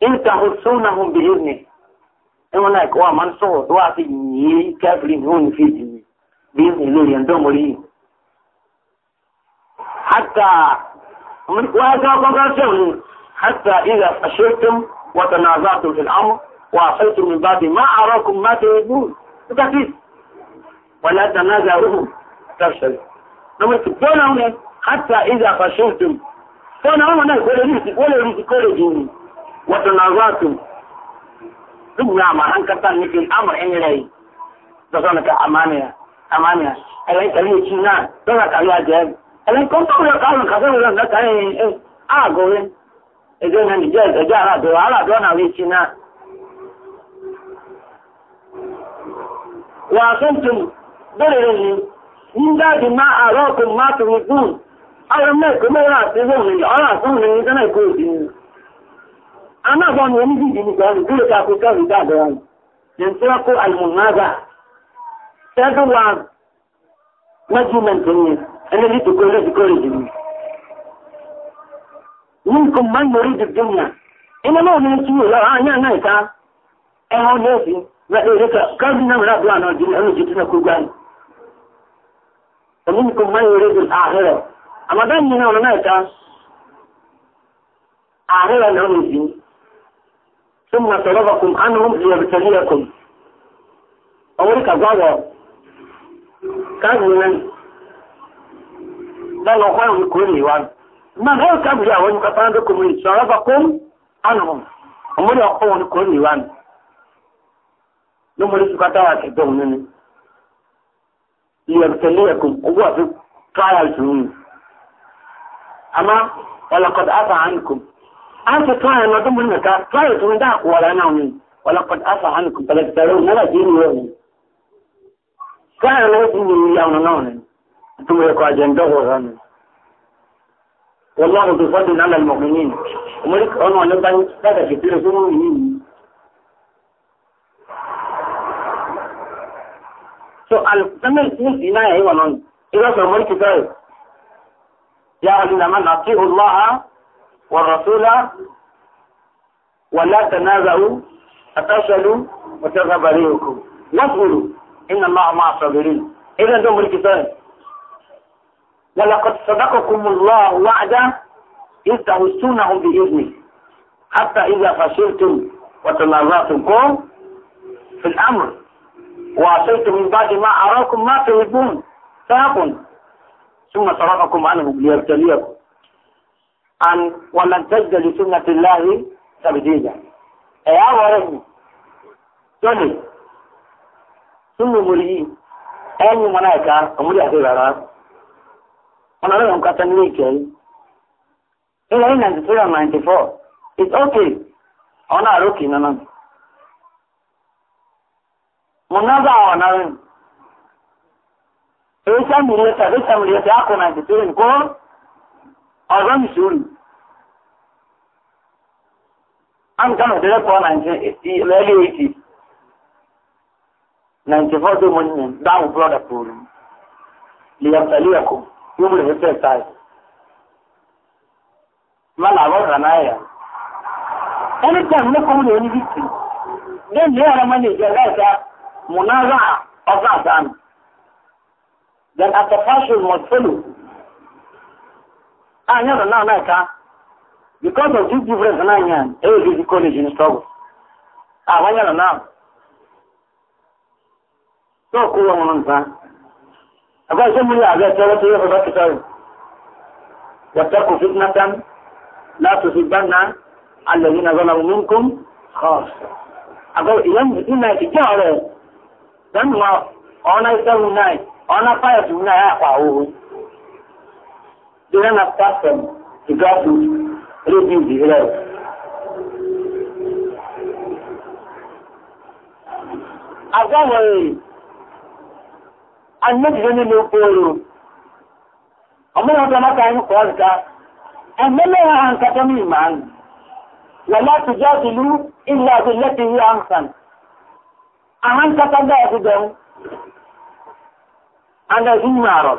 in tahussunahum bi izni in wala ko man كافرين هون في ni بإذن الله يندوم لي حتى izni lo من وهذا قدر حتى إذا فشلتم وتنازعتم في الأمر وعصيتم من بعد ما أراكم ما تريدون تكفير ولا تنازعهم تفشل نمر تبدون هنا حتى إذا فشلتم فأنا هنا ولا ريسك ولا ريسك ولا جيني watanaazatum dugna maran kartaan misil amar in ilay dadana ka amaanaya amaanaya alay kaliya jiinaa dada kaliya jeeb alay kontobla kaalan kasawila dakae aagoyen edena nijaaz ajaara do ala dona wi jiinaa waasantum doleleni min baadi ma araakum ma turidun awra meekumeyraa sidon nini olaa suunini danay kuusini Anáàbá ni wọ́n ní ìgbìyànjú gúrò tí a kò kẹrù dáadọ́ rẹ̀. Yẹnsíwákó alìmọ̀nàbà. Tẹ́gbọ́n wa mẹ́júmẹ̀ntì ni ẹni ní tòkó lè dìkó rẹ̀ jùlọ. Nínkan máa ń mọ̀rí dìdì ní à. Iná náà ní kí ìlọ àáyá náà ìta ẹ̀họ́ ní èsì rẹ̀ kẹ́rù náà rẹ̀ àdúrà náà jùlọ ẹ̀rù jùlọ kó gbá ni. Ẹni nìkan máa ń mọ̀rí dìdì ثم صرفكم عنهم ليبتليكم أولك ظهر كاغونا بل أخوان يكون يوان من هو كابيا ونكفان بكم صرفكم عنهم أمولي أخوان يكون يوان لما نسوك تاواتي دونني ليبتليكم قوة في trials أما ولقد عفى عنكم an ka tuwa na tun bin ka tuwa da tun da wala na ne wala kad asa an ku bala taro na la jini yo ne tuwa na tun bin ya na na ne tun ya kwa jan dawo ran ne wallahu tufaddu ala almu'minin umar ka ona ne ban ka da shi tire sun mu'minin so al tamai sun ina yayi wannan ila so mulki kai ya alina man ati'u والرسول ولا تنازعوا أتصلوا وتذهب عليكم واصبروا إن الله مع الصابرين إذا دوم الكتاب ولقد صدقكم الله وعدا إذ تحسونهم بإذنه حتى إذا فشلتم وتنازعتمكم في الأمر وعصيتم من بعد ما أراكم ما تحبون فاقم ثم صرفكم عنه ليبتليكم an walan tajda li sunnati llahi tabdila e aworehi toni sunnu muriyi enyu manaika omuri ate rara onare onkata Ninety ikei ila ninety four. it's okay ona aroki nana munaza onare Esa murieta, esa murieta, ako 93 ko ọ̀rọ̀ ìṣòro amkan ọ̀dẹ́rẹ́ pọ̀ lẹ́lẹ́ èjì 94 tó mọ́ ní dáhùn brọ́dà pòrò lèyàtàlẹ́yàkó yóò mú ìfẹ́ táì má làwọn rà náà yà ẹni tí a mú kọ́ ní oní bìtì lẹ́yìn lẹ́yìn ọ̀rọ̀ mọ́ ní ìjẹ́ láìka mùnára ọ̀gá àdáni then at the fashion must follow anyị nọ na America because of two different na anyị a e college in struggle abanye nọ na so kụ ụwa nwụrụ nta agwa ise mmiri abịa chere chere ọba kịtarị wataku fitnatan la tusibanna alladhina zalamu minkum khassa agwa iyan ina ike ọrẹ dan ma ọna ise nwụ nai ọna fire nwụ nai akwa ahụhụ Iran apart from the government reduce the error. Àgbàwọ̀ èrè, anẹ́jìdé nínú oko oòrò, ọmọdé ọjọ́ mọ́ta ń kọ́ ọ̀dá, ẹ̀mẹ́lẹ́ àhàn kàtọ́ ní ìmáà nì, wà láti jọ́ ìlú ilẹ̀ àti lẹ́tì rí àǹsàn. Àhàn kàtọ́ bẹ́ẹ̀ ti dẹ̀un, àdẹ̀sí màrọ̀.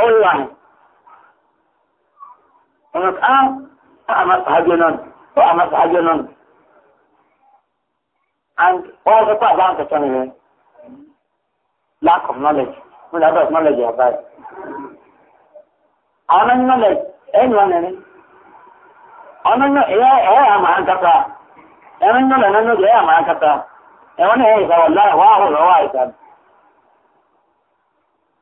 online and all the part down to lack of knowledge when I knowledge anan knowledge anyone any anan no eh eh aman kata anan no anan no eh aman kata eh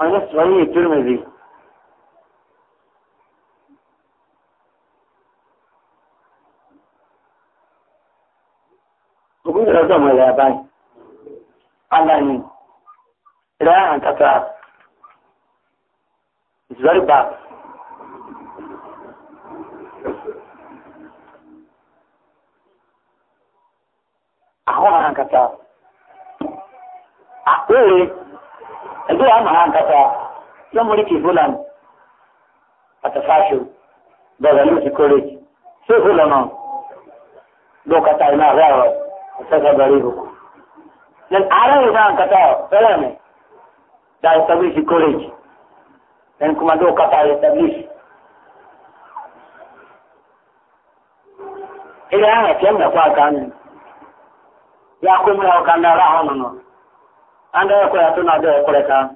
وهي صحيح الترمذي gbogbo ìrọ̀ ọjọ́ ọmọlẹ̀ àbáyé aláìní ìrọ̀ àǹkàtà it's very bad àwọn àǹkàtà àpẹẹrẹ ẹgbẹ́ wa máa ń kata yóò mú ríkì búlan àtàfáṣù bẹ̀rẹ̀ ló ti kórè ṣé búlan náà ló kata iná rẹ̀ ọ̀ ọ̀sẹ̀sẹ̀ bẹ̀rẹ̀ ìbò. Then ààrẹ yìí máa ń kata fẹ́rẹ̀ kuma ló kata establish. Ilé àwọn anda eh. ya kwa tuna ndio kuleta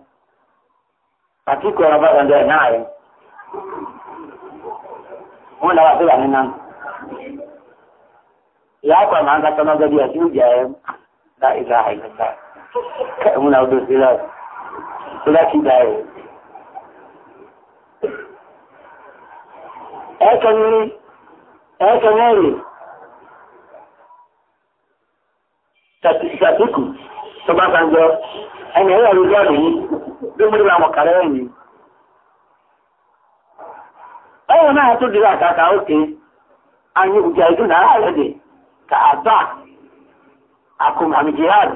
hakiko na baba ndio naye mwana wa sura ni nani ya kwa maanga kama gadi ya kuja eh. la ilaha illallah mwana wa sura sura kidai ẹ̀ẹ́kẹ́ ní ẹ̀ẹ́kẹ́ mẹ́rin ṣàtìkù tọba eyi ẹni ẹ̀yà rí bọ́ọ̀lù yìí bí mo dìbò àmọ̀kàrẹ́ ẹ̀yìn. ẹ̀yìn náà tó dìbò àkàkà òkè àyìn ìjà ìdún náà rẹ̀dẹ̀ kà á bá àkùnmàmì jihad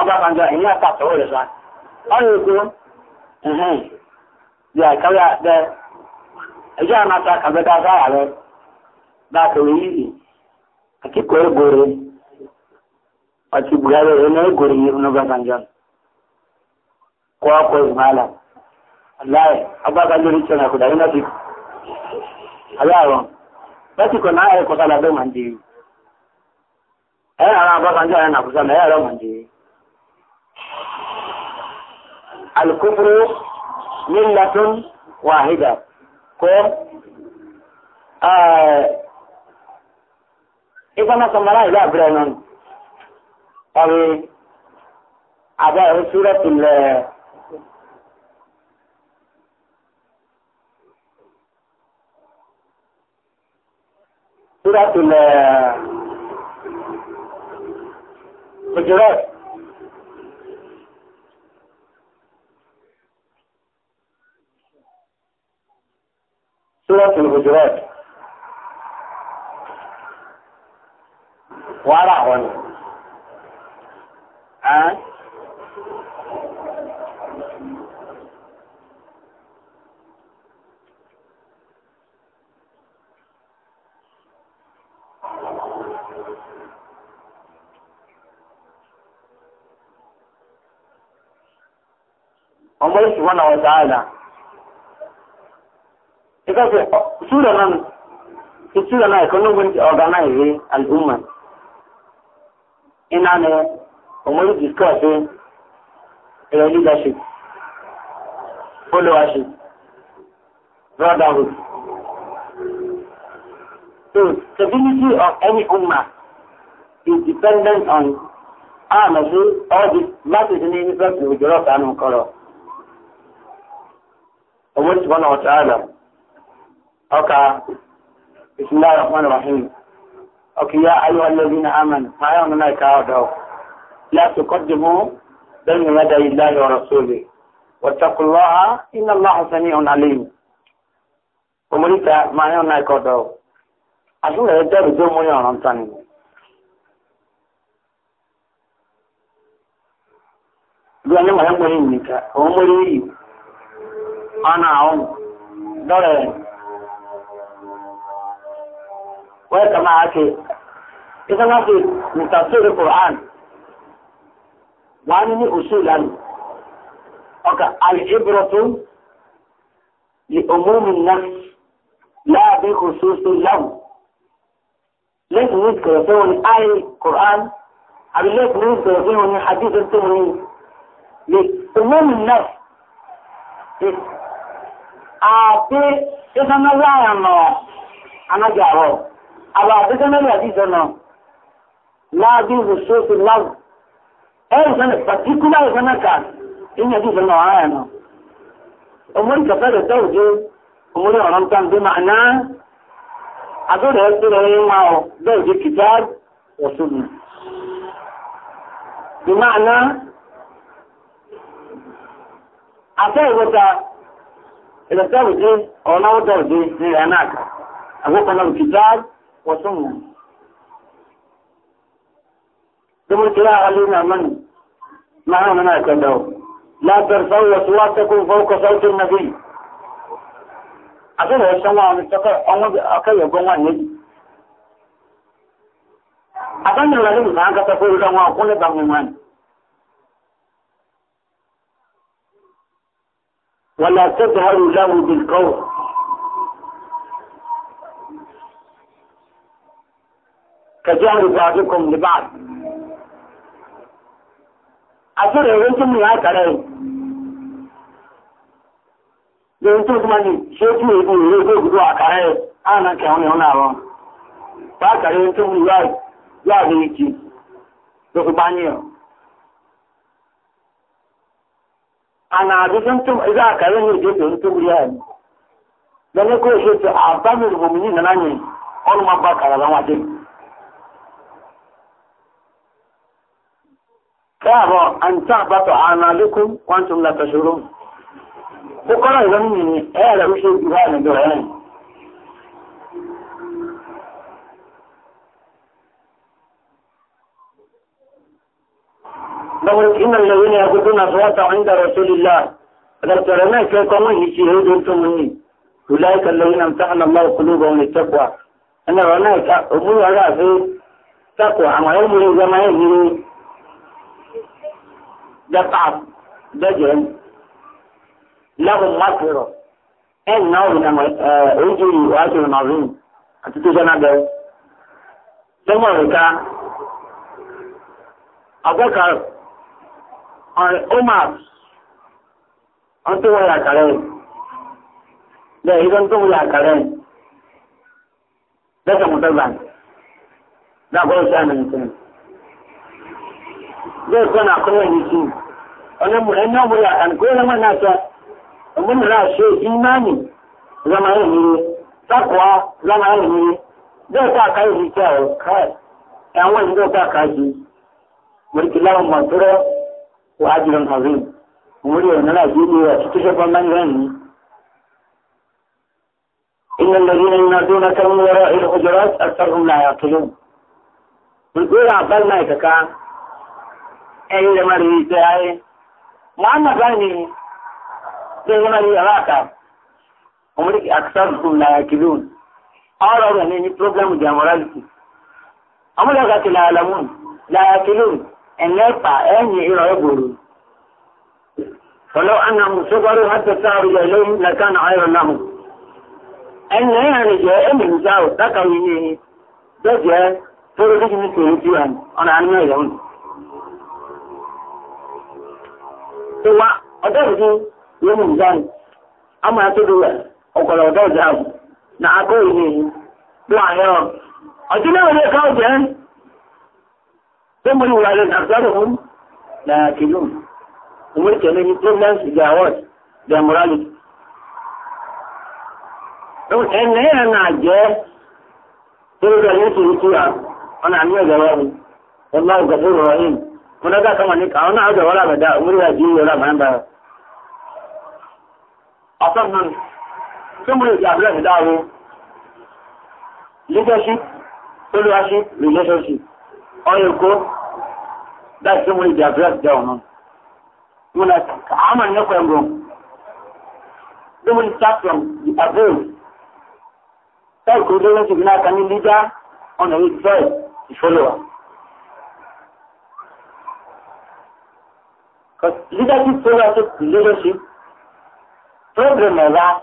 ọba ẹ̀yìn rẹ̀ sá. ọ̀rọ̀ àkàwé ẹjọ́ àmàta rẹ̀ bá a kò yìí પછી ગાવે એને ગોરી ibn Bakanjan kwa kwa mala Allah abaka jori chana kuda ina ti ayawo basi kona ay ko sala do manji eh ala Bakanjan na kusala ya ra manji al-kufru millatun wahida ko eh ibana samara ila ibrahim قال أعداء سورة ال سورة ال الحجرات سورة الحجرات ورع ونعم ẹ́ ọmọ yìí wọn àwọn sáàdà ìfẹ́fẹ́ ṣúlọ náà ìṣúlọ náà ìkọ́nọ́gbọ̀n ti ọ̀gánáìrí al'umma ina ne ọmọ yìí discuss ẹ̀rọ leadership followership brotherhood. So stability of any ummah is dependent on àmọ̀ sí all the masses ní nífẹ̀ẹ́ ìwòjọ́rọ̀ sànù kọ̀rọ̀. ọmọ yìí sùgbọ́n ọ̀tá àlà ọkà ìsúnlá rahman rahim ọkìyà ayọ̀ alẹ́bí na amàn máa yọ̀ nínú ẹ̀ka ọ̀dọ́. لا تقدموا بين يدي الله ورسوله واتقوا الله إن الله سميع عليم ومريتا ما يونا يكودو أشوف هذا بدو مليون أمتاني duwane ma yan wani nika awon mori yi ana awon dore wai kama ake ita na fi mutasiri qur'an وانني اصولا اوكا العبرة لعموم النفس لا بخصوص له ليس نيت كرسوني اي قرآن او ليس نيت كرسوني حديث التمرين لعموم النفس Ape ɛsɛ na ɔlɔ ayan انا anagya hɔ, aba ɛsɛ na ɔlɔ adi sɛ nɔ, laabi wusu ɔfi lawu, ẹ̀rùsọ́nà pàtíkúlá ìsọ́nà kan inú ẹ̀dù ìsọ́nà ọ̀hánà nù ọmọdé kẹfẹ́rẹ̀ tẹ́wùjẹ́ ọmọdé ọ̀rọ̀ nǹkan bí máa ná àtọ́rẹ̀ ẹ̀sọ́rẹ̀ ẹ̀yìn máa ọ̀ bẹ́ẹ̀jẹ́ kìtà ọ̀ṣọ́nù bí máa ná àtọ́ ìwọ́ta ìlẹ̀tẹ́wùjẹ́ ọ̀nà ọ̀dọ̀ọ̀dẹ́ nílẹ̀ náà àgbẹ̀kọ̀ọ́ قلت يا علينا من معانا ما لا ترفعوا اصواتكم فوق صوت النبي عشان السماء عم تقع عم اكل جوان ني عشان لازم ما تقول ده ما كل ده من ولا تظهر له بالقول كجهر بعضكم لبعض àtúrò èrè tó mìíràn àkàrà ẹ̀ lórí tó túnmọ́ ní ṣé tí èdè a tó gbogbo àkàrà ẹ̀ ààrùn kẹwọn ẹ̀hún àwọn pàákàrà ẹ̀ tó mú láàbí ìkì tó fi bá ní ọ̀ àna àdúgbò tó ẹgbẹ́ àkàrà فهو أن تهبط أعمالكم وأنتم لا تشعرون فقرأ إذا مني هذا مش إبهام دعاني لقد إن الذين يقولون صلاة عند رسول الله قد ترمي كيكم يشهد أنتم مني أولئك الذين امتحن الله قلوبهم للتقوى أنا رأيك أمور هذا dọ́tàs dọ́jọ́ lẹ́hùn mákìrọ̀ ẹ̀ náà wò ní ojú ìwáṣọ ìmọ̀rin àti tó sọ́nà bẹ́ẹ̀. sẹ́wọ̀n ìka àgbẹ̀ka ọ̀rẹ́ omar ọ̀ntún wọ̀nyà kàrẹ́ bẹ́ẹ̀ ìdọ́ ntún wọ̀nyà kàrẹ́ bẹ́ẹ̀ sọ̀mùtẹ́gbà dàgbọ́ ìṣẹ́ àmì nìkan. zai kwana kawai ne shi wannan mu ɗan nan wuya kan zama na ta mun ra shi imani zama yin hiri takwa zama yin e zai ta kai shi kyau kai wani zai ta kai shi mulki lawan mantura wa ajirin hazin muri wani na cikin shafan manzan ẹ̀yìn rẹ̀ máa rí ìtẹ́ ayé muhammad báyìí ni bí ẹ̀yìn máa rí yàrá àkà ọmọdé àkísàkùn láyà kìlún ọ̀rọ̀ rẹ̀ ní ní problem di amorality ọmọdé àkà ti láyà lamun láyà kìlún ẹ̀nẹ́pà ẹ̀yìn ìrọ̀ ẹ̀gbòrò فلو أنهم صبروا حتى ساروا إليهم لكان خيرا لهم ẹni ẹ̀rìn jẹ́ ẹ̀mìn ìjà ò dákàwé ní ẹ̀yìn jẹ́ jẹ́ tó rí ní ìṣòro tí wa ọdọọdụ yẹn mu zan ama atodo ọkọlọ ọdọọdụ ahụ na akọ ìhè do ahịa ọ na eh? na kìlú òmùrí kẹlẹ ní problems with their words their ẹnẹ yẹn nà jẹ tó ẹni ọ nà ní ẹgbẹ wọn mọlẹ́gà sọmọ ní àwọn náà ọjọ́ wọlé àbẹ̀dá orí àjí ọlá àbẹ̀dá ọ̀sán náà túnbùrù ìjà àbúrẹ́ ìdá wo leadership olúwaṣí relationship ọ̀yẹ̀kọ́ láti túnbùrù ìjà àbúrẹ́ ìdá ọ̀nà múlá àmà ní ọkọ̀ ẹ̀gbọ́n túnbùrù start from the above tẹ́ẹ̀kọ́ relationship náà kan ní leader ọ̀nà ìfẹ́ ìfọ́lọ́wà Because leadership failure takes leadership. Problem of that,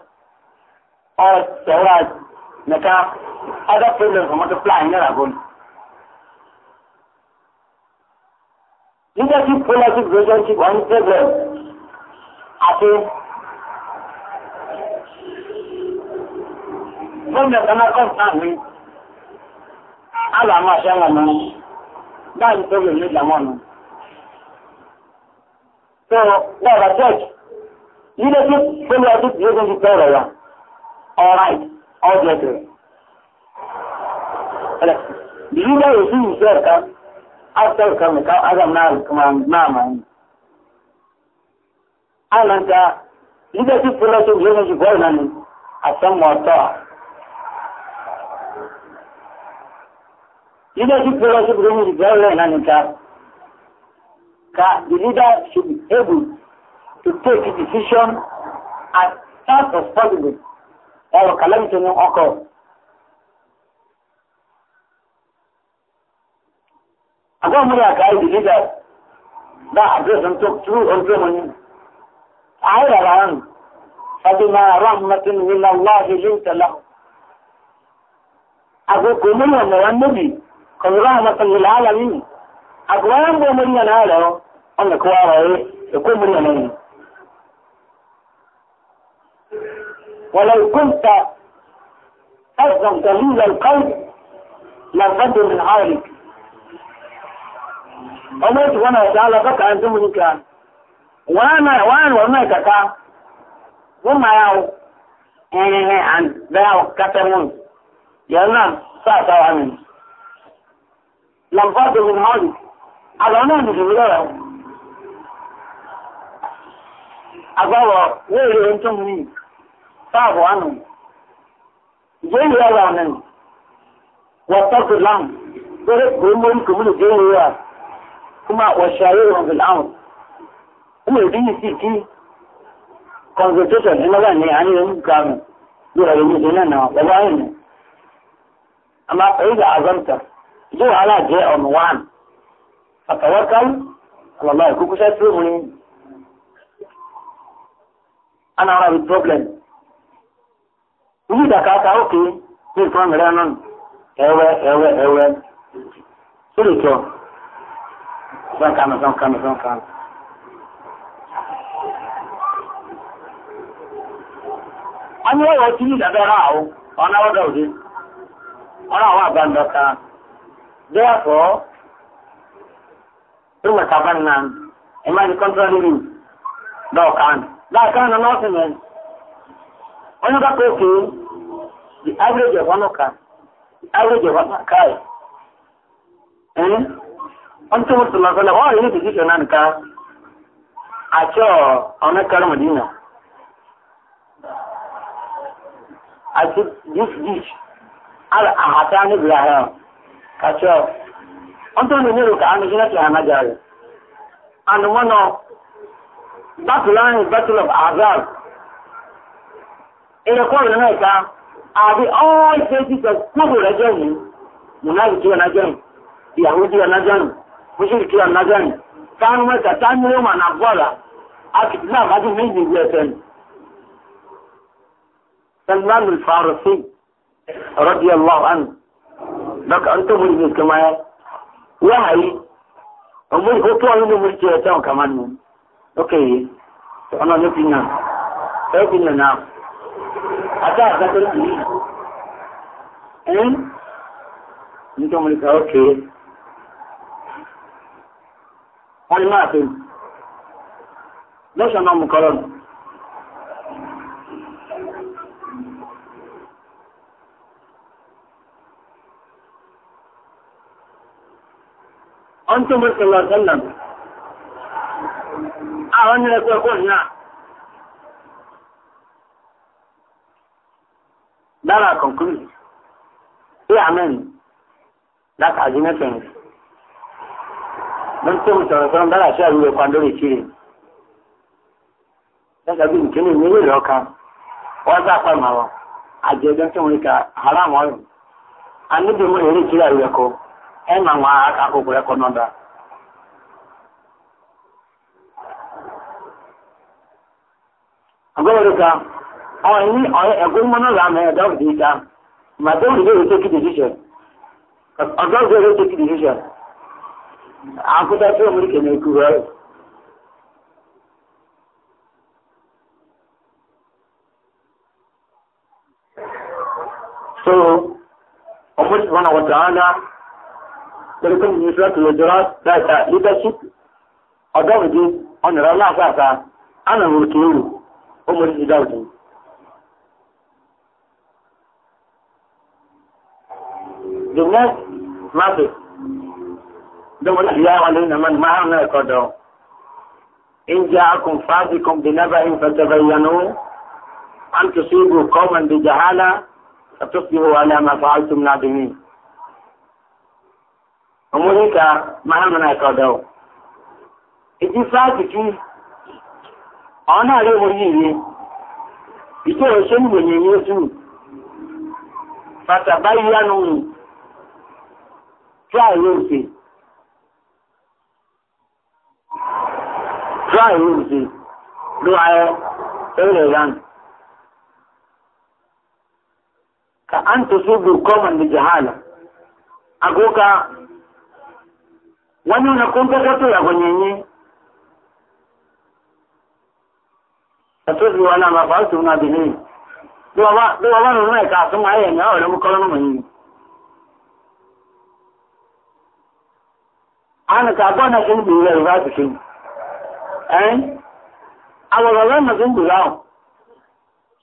or there was meta, other problems multiplying that are going. Leadership scholarship relationship one problem. Ati problem kana constant ni. Ala ma ṣe wọn mọ. Báyìí problem ni ìdààmú ọ̀nà so náà bá church yìí lè fi pẹ̀lú ọdún tí yóò fi pẹ̀lú ọ̀yà alright all the way. yìí náà yóò fi ìṣe ẹ̀ka after ìkànnì ká adam náà máa ń. àlàǹkà yìí lè fi pẹ̀lú ọdún tí yóò fi pẹ̀lú ọ̀yà ni àtọ́mọ̀ ọ̀tọ́ à. yìí lè fi pẹ̀lú ọdún tí yóò fi pẹ̀lú ọ̀yà ni ká that the leader should be able to take a decision as fast as possible or calamity will occur. Agbọn mu ni àkàrí the leader bá àdúrà tó through ọjọ́ mọ́ ni. Àyè rà rán fàdí máa rán mọ́tún ní láwáṣe ló ń tẹ̀lá. Àgbẹ̀kọ̀ mú ni ọ̀nà wọn níbi kọ̀ọ̀rọ̀ àwọn ọmọ tó ń Àgbẹ̀wọ̀n ń bọ̀ ọ̀nà rẹ̀ ọ́. أنا إيه يكون من يمين ولو كنت اصلا دليل القلب لابد من عارك أموت وانا تعالى بقى عن ذنب كان وانا وانا وانا كتا وما ياو ايه ايه عن بياو كتمون يلا ساعة وعمين لابد من عالك على نعم جميلة agbawo wéèrè tó ń rìn fáàbù ánù ìjẹ́rìí ọ̀rọ̀ àmì wọ́tọ́kù lám lórí gbòmórí kòmúlù jẹ́rìí kuma wọ̀ṣàyé ọ̀gbì láwọn ọmọ ìdí yìí sì kí consultation ní lọ́wọ́ ní àárín ohun kanu lórí ọ̀rọ̀ ìmúṣe náà náà and out of the problem. We need a cat, okay, this one Renan, ewe, ewe, ewe. So they go. Don't come, don't come, don't come. Anyị ọrụ ọtụ ndị dabere ahụ ọ na-awụda ụdị ọ na-awụ aba ndọka dịafọ ịnweta banna ịma ndị kọntrọl láàká na mẹ́rin onye ọkà kò kéé the average of one the average of one car ẹ̀yìn wọ́n tún mọ̀tò lọ sọ́lá wọ́n rí ní ìdíjì náà nìkan àti ọ̀nà kẹrin mọ̀dínà àti this dish àhàtà ní ibrahim kàtsọ́ wọ́n tún mọ̀tò ní ìrùkà àmì jìnnà kì بطلان بطل اف عذاب ان اقول لنا ايسا ابي اوي سيسي سكوبو رجاني مناغ جوا نجان يهو جوا نجان مشير جوا نجان كانوا ميسا تاني يوم انا بولا اكت لا بادي مين دي بيسان سلمان الفارسي رضي الله عنه لك انت مجلس كما يا وهي ومن خطوة انه مجلس كما نوم ok. yìí ọ̀nà ló fi nà fẹ́ fi nà nà àti àgbàdo yìí ẹ̀yìn nítorí mo lè kà ókè wọ́n ní máa fi lọ́sọ̀ náà mú kọ́lọ́nù. onye ko ko na dara conclude sai amen da ka ji na kan don ce mu tsara tsara dara sha ruwa kwando ne cire daga bin kini ne ne roka wa za kwa mawa a je ka haram eh, ma agwabaruka ọ̀yìn ní ọ̀yẹ́ ẹ̀gún mọ́nà làmà ẹ̀dọ́ ike ìta màdé òdìdó rẹ̀ tó kí decision ọ̀dọ́ òdìdó rẹ̀ decision so ọmọ tí wọn àwọn tààlà tẹlifon ní ìṣúra tó lọ́jọ́rọ́ leadership ọ̀dọ́ òdìdó asa rẹ̀ láàfáàfáà á nà ọmọ ní dáàbò. the next market dọ́wọ́ náà yá wa lóyún àmọ́ máa ń ẹ̀kọ́ dọ̀. ìjà akùn fáàbì kan bí nábà ń fẹsẹ̀ bẹ̀ yẹnu wọ́n ti sí ibù kọ́mọ̀ ní jahala àtúnṣe wà ní àmàfà àtúnṣe náà dì mí. ọmọ yìí ká máa ń ẹ̀kọ́ dọ̀. ìdí fáàbì kìí àwọn náà lẹ́wọ̀ yìí ni ìtò ẹ̀ṣẹ́ ní wòye yóò tún fàtàbá ìyánu rù tíráìlú òsè ló ẹ̀rẹ̀ ka an ta su gurkoman jihala agoka wani na kun kasar tura فتدروا على ما فعلتم ما به دو أبان هناك عصم عليه أن أولا مقرن مني أنا كأبانا شن بيه الغاز شن أين أولا لما شن بيه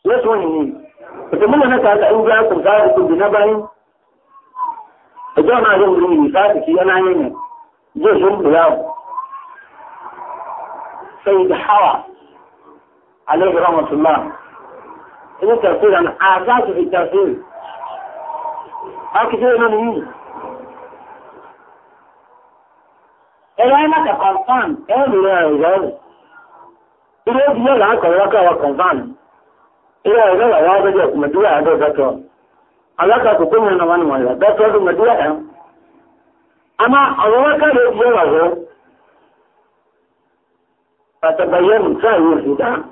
ليش وين فتمنى أنك هذا إن جاءكم ذلكم بنبأ أجونا جنب مني فاتك أنا عيني جيش بيه سيد حوا عليه رحمة الله إنه تفسير أنا أعزاك في التفسير أكثر من مين إلا أنا كفنفان أين لا يزال إلا أبي يلا أنك ولاك وكفنفان إلا أبي يلا وابد مدوع هذا ذاته ألاك تكون هنا وانا مالا ذاته مدوع أما أولاك لا يزال فتبين سعي الهدام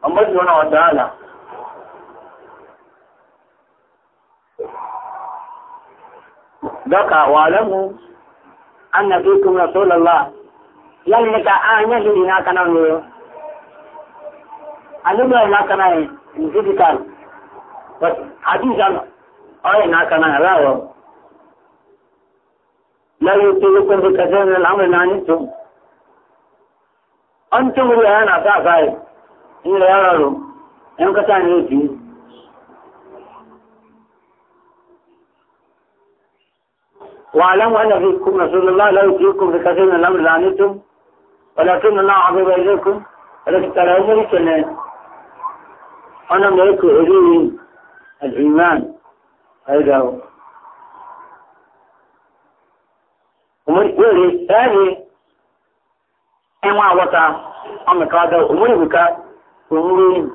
Allah subhanahu wa ta'ala daka walamu anna fikum rasulullah yalle ka anya ah, hidina kana ngoyo anuma na kana ni digital bas hadisan ay na kana rawo la yutilukum bi kathir al-amr la antum antum riyana sa'ai ilẹ̀ ọ̀rọ̀ ẹ̀rùn ni ní òjì wà aláwọ̀ ẹ̀nà fi mẹ́sọ́lọ́lá lọ́rọ̀ tí ó kún fi kásẹ̀ ní ní tó ọ̀lọ́kún náà àbẹ̀bẹ̀ ilé ẹ̀wọ̀n àwọ̀ta ọmọ ìkọ́dọ̀ omori wurin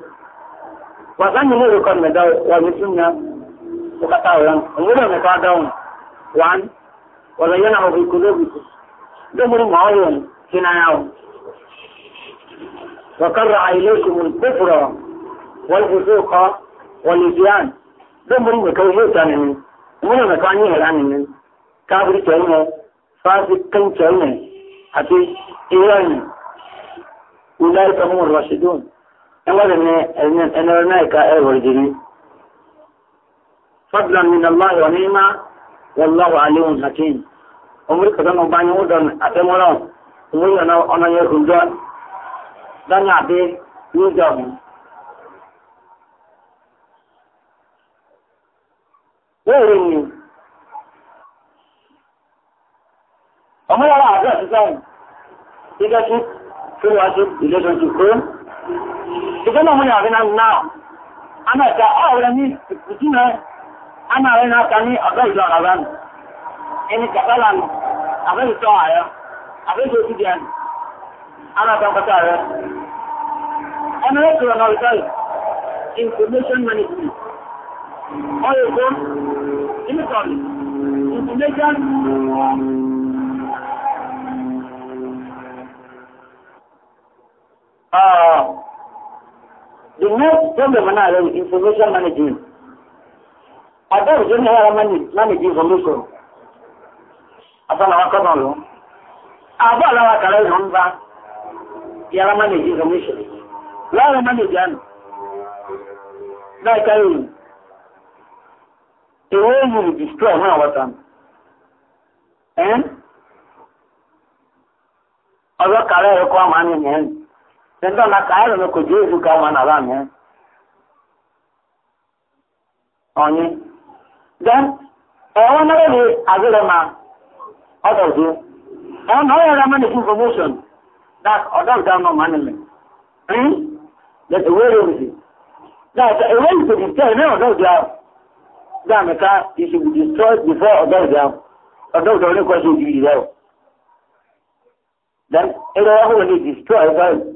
wasan yi ne rukon na dawo wa mutum na suka tawaran wurin na kawo dawon wan wanda yana mafi kuzo bisu don wurin ma'auyan kina yawon وكرع إليكم الكفر والفسوق والنسيان ده مريم كوي كان من من مكان يهل من كابري كان فاسق كان كان حتى إيران أولئك هم الراشدون ẹwọ́n ní ẹni ọ̀rọ̀ náà ká ẹ̀rọ ìdìrí fọ́dùlọ́ ní nàlá ìwọ̀n ní má wọ́n lọ́wọ́ aléhùn hakim omori kọ̀tọ́ náà bá yẹn wọ́n dọ̀nù àtẹ́mọ́ràn omori ọ̀nà ọmọ yàrá àbí àtúntàn ìgbà tó fún kúrò. ìjọba mú ní àrínà náà anáta ọ̀rẹ́ ní ìpùtúnà anáàrẹ́ náà ká ní ọ̀dọ́ ìlú àrárá nù ẹni kàtàlà nù àfẹ́sọ̀ ààrẹ àfẹ́sọ̀ òkú díẹ̀ nù anáta kọta rẹ̀ ẹni rẹ̀ kúrò náà rìtọ́lù information management information Uh... The next problem now is information management. I don't know how to manage, manage information. Àtàlà wa kọ́nà lọ. Àbọ̀ àlàwà kàrẹ́ ìlú ń bá yàrá manage information. Láàrin manage àná. Láìka ìlú. Èwo yìí lè destroy àwọn àwọn tán. Ọ̀rọ̀ kàrẹ́ ẹ̀kọ́ àmà ni ẹ̀yìn. Tendo na kaero me kujo isu ka mana ba me. Onye. Then ewa na le agere ma other do. Ewa na ya ma ni information that other down no money me. Hmm? That away with it. That away to the tell no no dia. Da me ka it should be before other dia. Other do ni question you there. Then it will only destroy guys.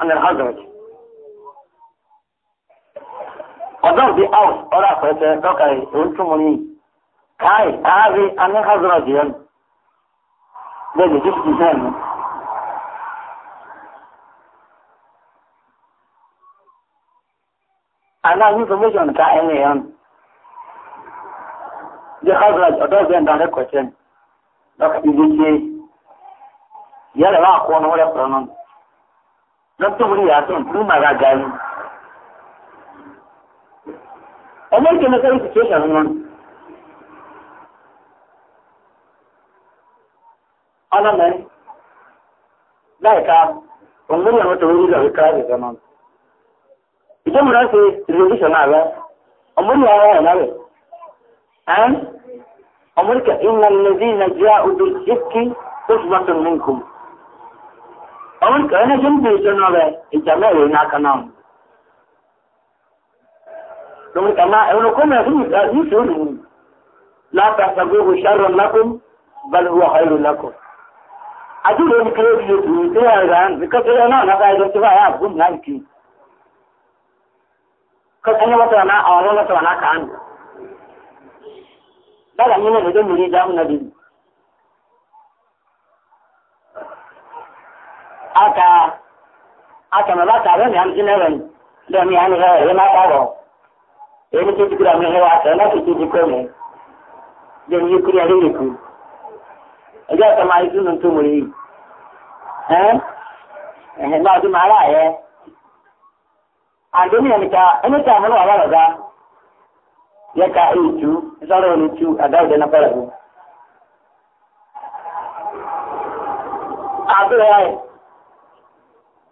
and al-hazraj. Although the house, all that person, okay, don't you money. Kai, Avi, and al-hazraj, yan. Then the gift And now ka any yan. The hazraj, although they don tumuri ya son kuma ga gani amma yake na kai ce shan nan ana mai laika unguri ya mata wuri da ka da zaman idan mun rasa rubutu sana ba unguri ya ya na ba an amurka innal ladina ja'u bil ifki usbatun minkum ọmọ nǹkan ẹni tó ń bèrè na náà rẹ na mẹ́rin ní aka náà lórí kàmá ẹ̀rọ kọ́ mẹ́rin fún ìgbà yìí tó nù látàkà gbogbo ṣàrọ̀ lákùn balùwẹ̀ ọ̀hẹ́rù lákùn. àdúgbò ní kéré ti ètò ìwé tó wà rà ní kẹ́kẹ́rẹ́ aka aka ma ba ta ba mi hamsin nan da mi ya ma e ta e ni ti kura mi hewa ta na ti ti ko mi de ni ku ga ta ma yi tun tun muri eh eh na du ma ra ande mi ta ni ta mo wa ra ga ya ka e tu za ro ni tu ada de na pa ra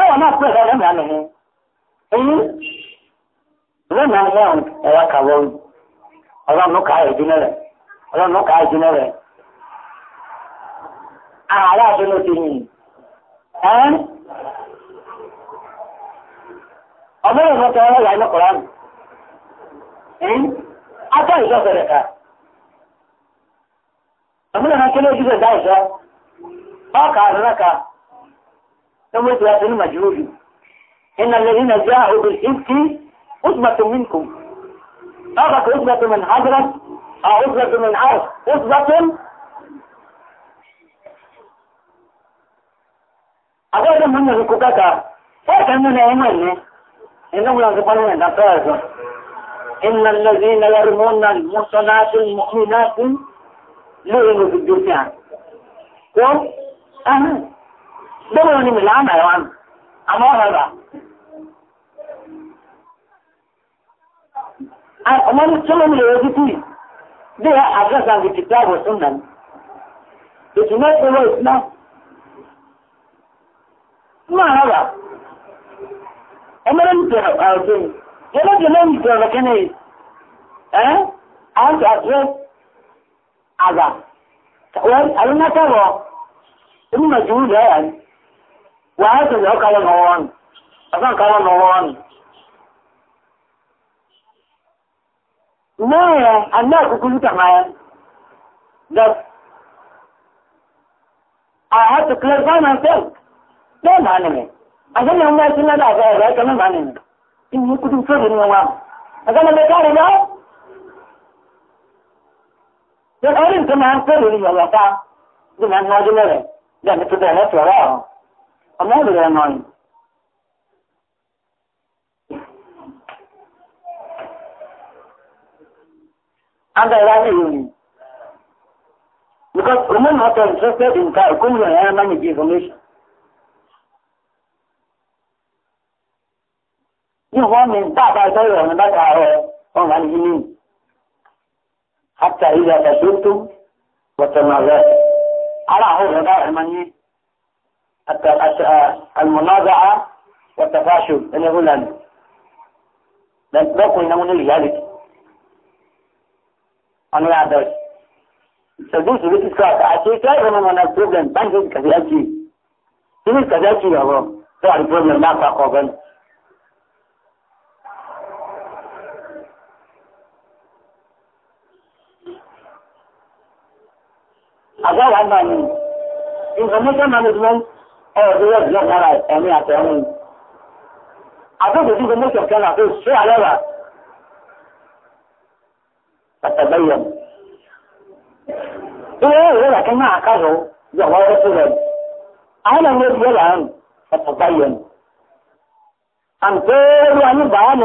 ẹwà náà pẹ̀ lọ́wọ́ náà nìyẹn èyí lọ́nà ثم يتوسل مجهول إن الذين جاءوا بالإفك عصبة منكم أخذ عصبة من حجرة أو عصبة من عرض عصبة أقول من هم يكوكاكا من إيه يمني إنهم لا أن تفاعلوا إن الذين يرمون المحصنات المؤمنات لهم في الدنيا قل أهل dọ́wọ́ ni mi lánà ẹ̀ wọn àmọ́ ọ̀rọ̀ rà. ọmọ mi tí wọ́n mi lè yọjú kúrì bí i àdírẹ́sì àti kìtà àbọ̀ sún nà ní. ètò náà ṣe wọ́n ìsúná. mú àrọ̀ rà. ọmọ mi tẹ̀ ọ̀dọ́ mi yẹ́n lọ́dún náà mi tẹ̀ ọ̀rọ̀ kẹ́nẹ́ yìí. ẹ́ àwọn àgbà wọ́n àlùmọ́tò rọ̀ onímọ̀ ni. wàhálà ìyá ọkàlẹ̀ nà ọwọ́ ni ọ̀sán kàlẹ̀ nà ọwọ́ ni. Náà àná àkókò lùtà máa that I had to clarify myself. Bẹ́ẹ̀ máa nìyẹn. Àgbẹ̀ni ọmọ ẹ̀sìn náà dàgbà ẹ̀rọ ẹ̀kẹ́ náà máa nìyẹn. Ìyẹn ní kudu fẹ́rẹ̀ ní ọwọ́ àmọ́. Àgbẹ̀ni ọmọ ẹ̀ka rẹ̀ náà. Ṣé ọ̀rẹ́ nǹkan máa ń fẹ́rẹ̀ ní ọ̀rọ̀ ká? Bí màá ní ọdún mẹ́rẹ̀, bí àmì tó bẹ̀rẹ̀ lọ́sọ̀rọ̀ àrùn. الله بلا معين هذا يعني يوني because women are interested in car come here and manage information you want me that by the way that are on an evening حتى إذا تشربتم وتنازعتم على هو هذا المنيه آه، المنازعة والتفاشل أنا لن تبقوا إنه من الجالك أنا لا أدري سجلت بيت الكاس عشان كيف أنا من البروبلم بنجي كذاكي تقول كذاكي يا رب تعرف البروبلم لا تقابل أقول عنه information management ọ̀rọ̀ tó yẹ jẹ́ kára ẹ̀mí àtẹ̀wọ̀n. Àtọ́kù tí gbogbo mọ́tò kan àti ṣé àlọ́lá. Àtẹ̀bẹ́yẹ. Ilé ìwé rẹ̀ kan náà kárọ̀ yọ̀wọ́ rẹ́tò rẹ̀. Àwọn ọmọ ìwé rẹ̀ àrùn àtẹ̀bẹ́yẹ. Àǹtẹ́rù àní bàá mi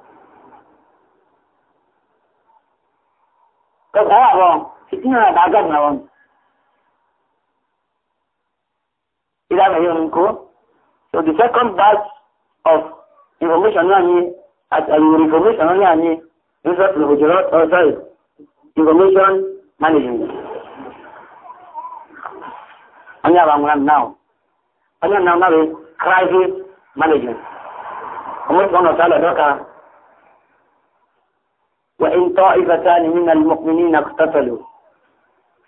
Kọ̀ọ̀kan wà bọ̀, fìtínà àdágàdì náà wọn. Ìlànà yóò ní kó. So the second batch of information náà ni àtàwọn uh, information náà ni research laboratory or uh, sorry information management. Wọ́n yà bá ń rán náà. Wọ́n yà náà náà rẹ̀ crisis management. Ọmọ ìfọ̀nà sálẹ̀ وإن طائفتان من المؤمنين اقتتلوا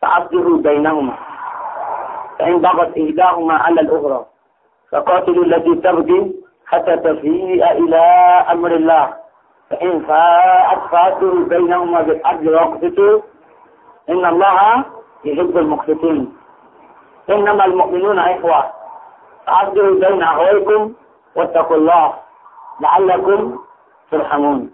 فأصلحوا بينهما فإن بغت إحداهما على الأخرى فقاتلوا التي تبغي حتى تفيء إلى أمر الله فإن فاءت فأصلحوا بينهما بالعدل واقتتلوا إن الله يحب المقسطين إنما المؤمنون إخوة فأصلحوا بين أخويكم واتقوا الله لعلكم ترحمون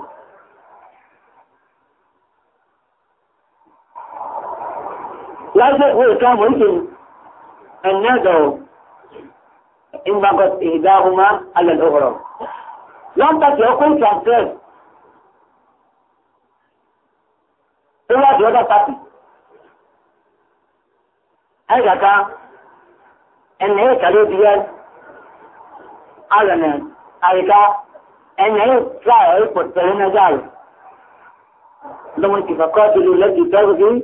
لازم هو كان ممكن أن ندعو إن بغت إهداهما على الأخرى لم تكن يقول كان إلا في هذا الطفل هذا كان إن هي كريبيا على من أيضا إن هي سائل قد تهنا جاي لما انتفاقات التي تغذي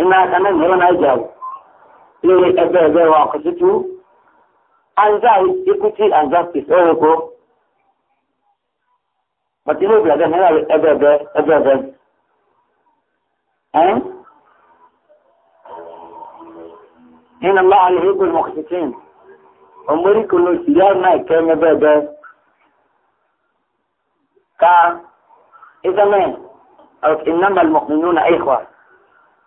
إما كان نرون أجاو إيه أبدا أبدا وقصته أنزاي إكوتي أنزاكتس أوكو بطلو إن الله يحب المقسطين عمري كله سيار كان كا إذا ما إنما المؤمنون إخوة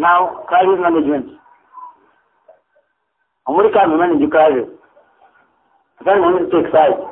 Now, crisis management. America will manage the crisis. Then we take sides.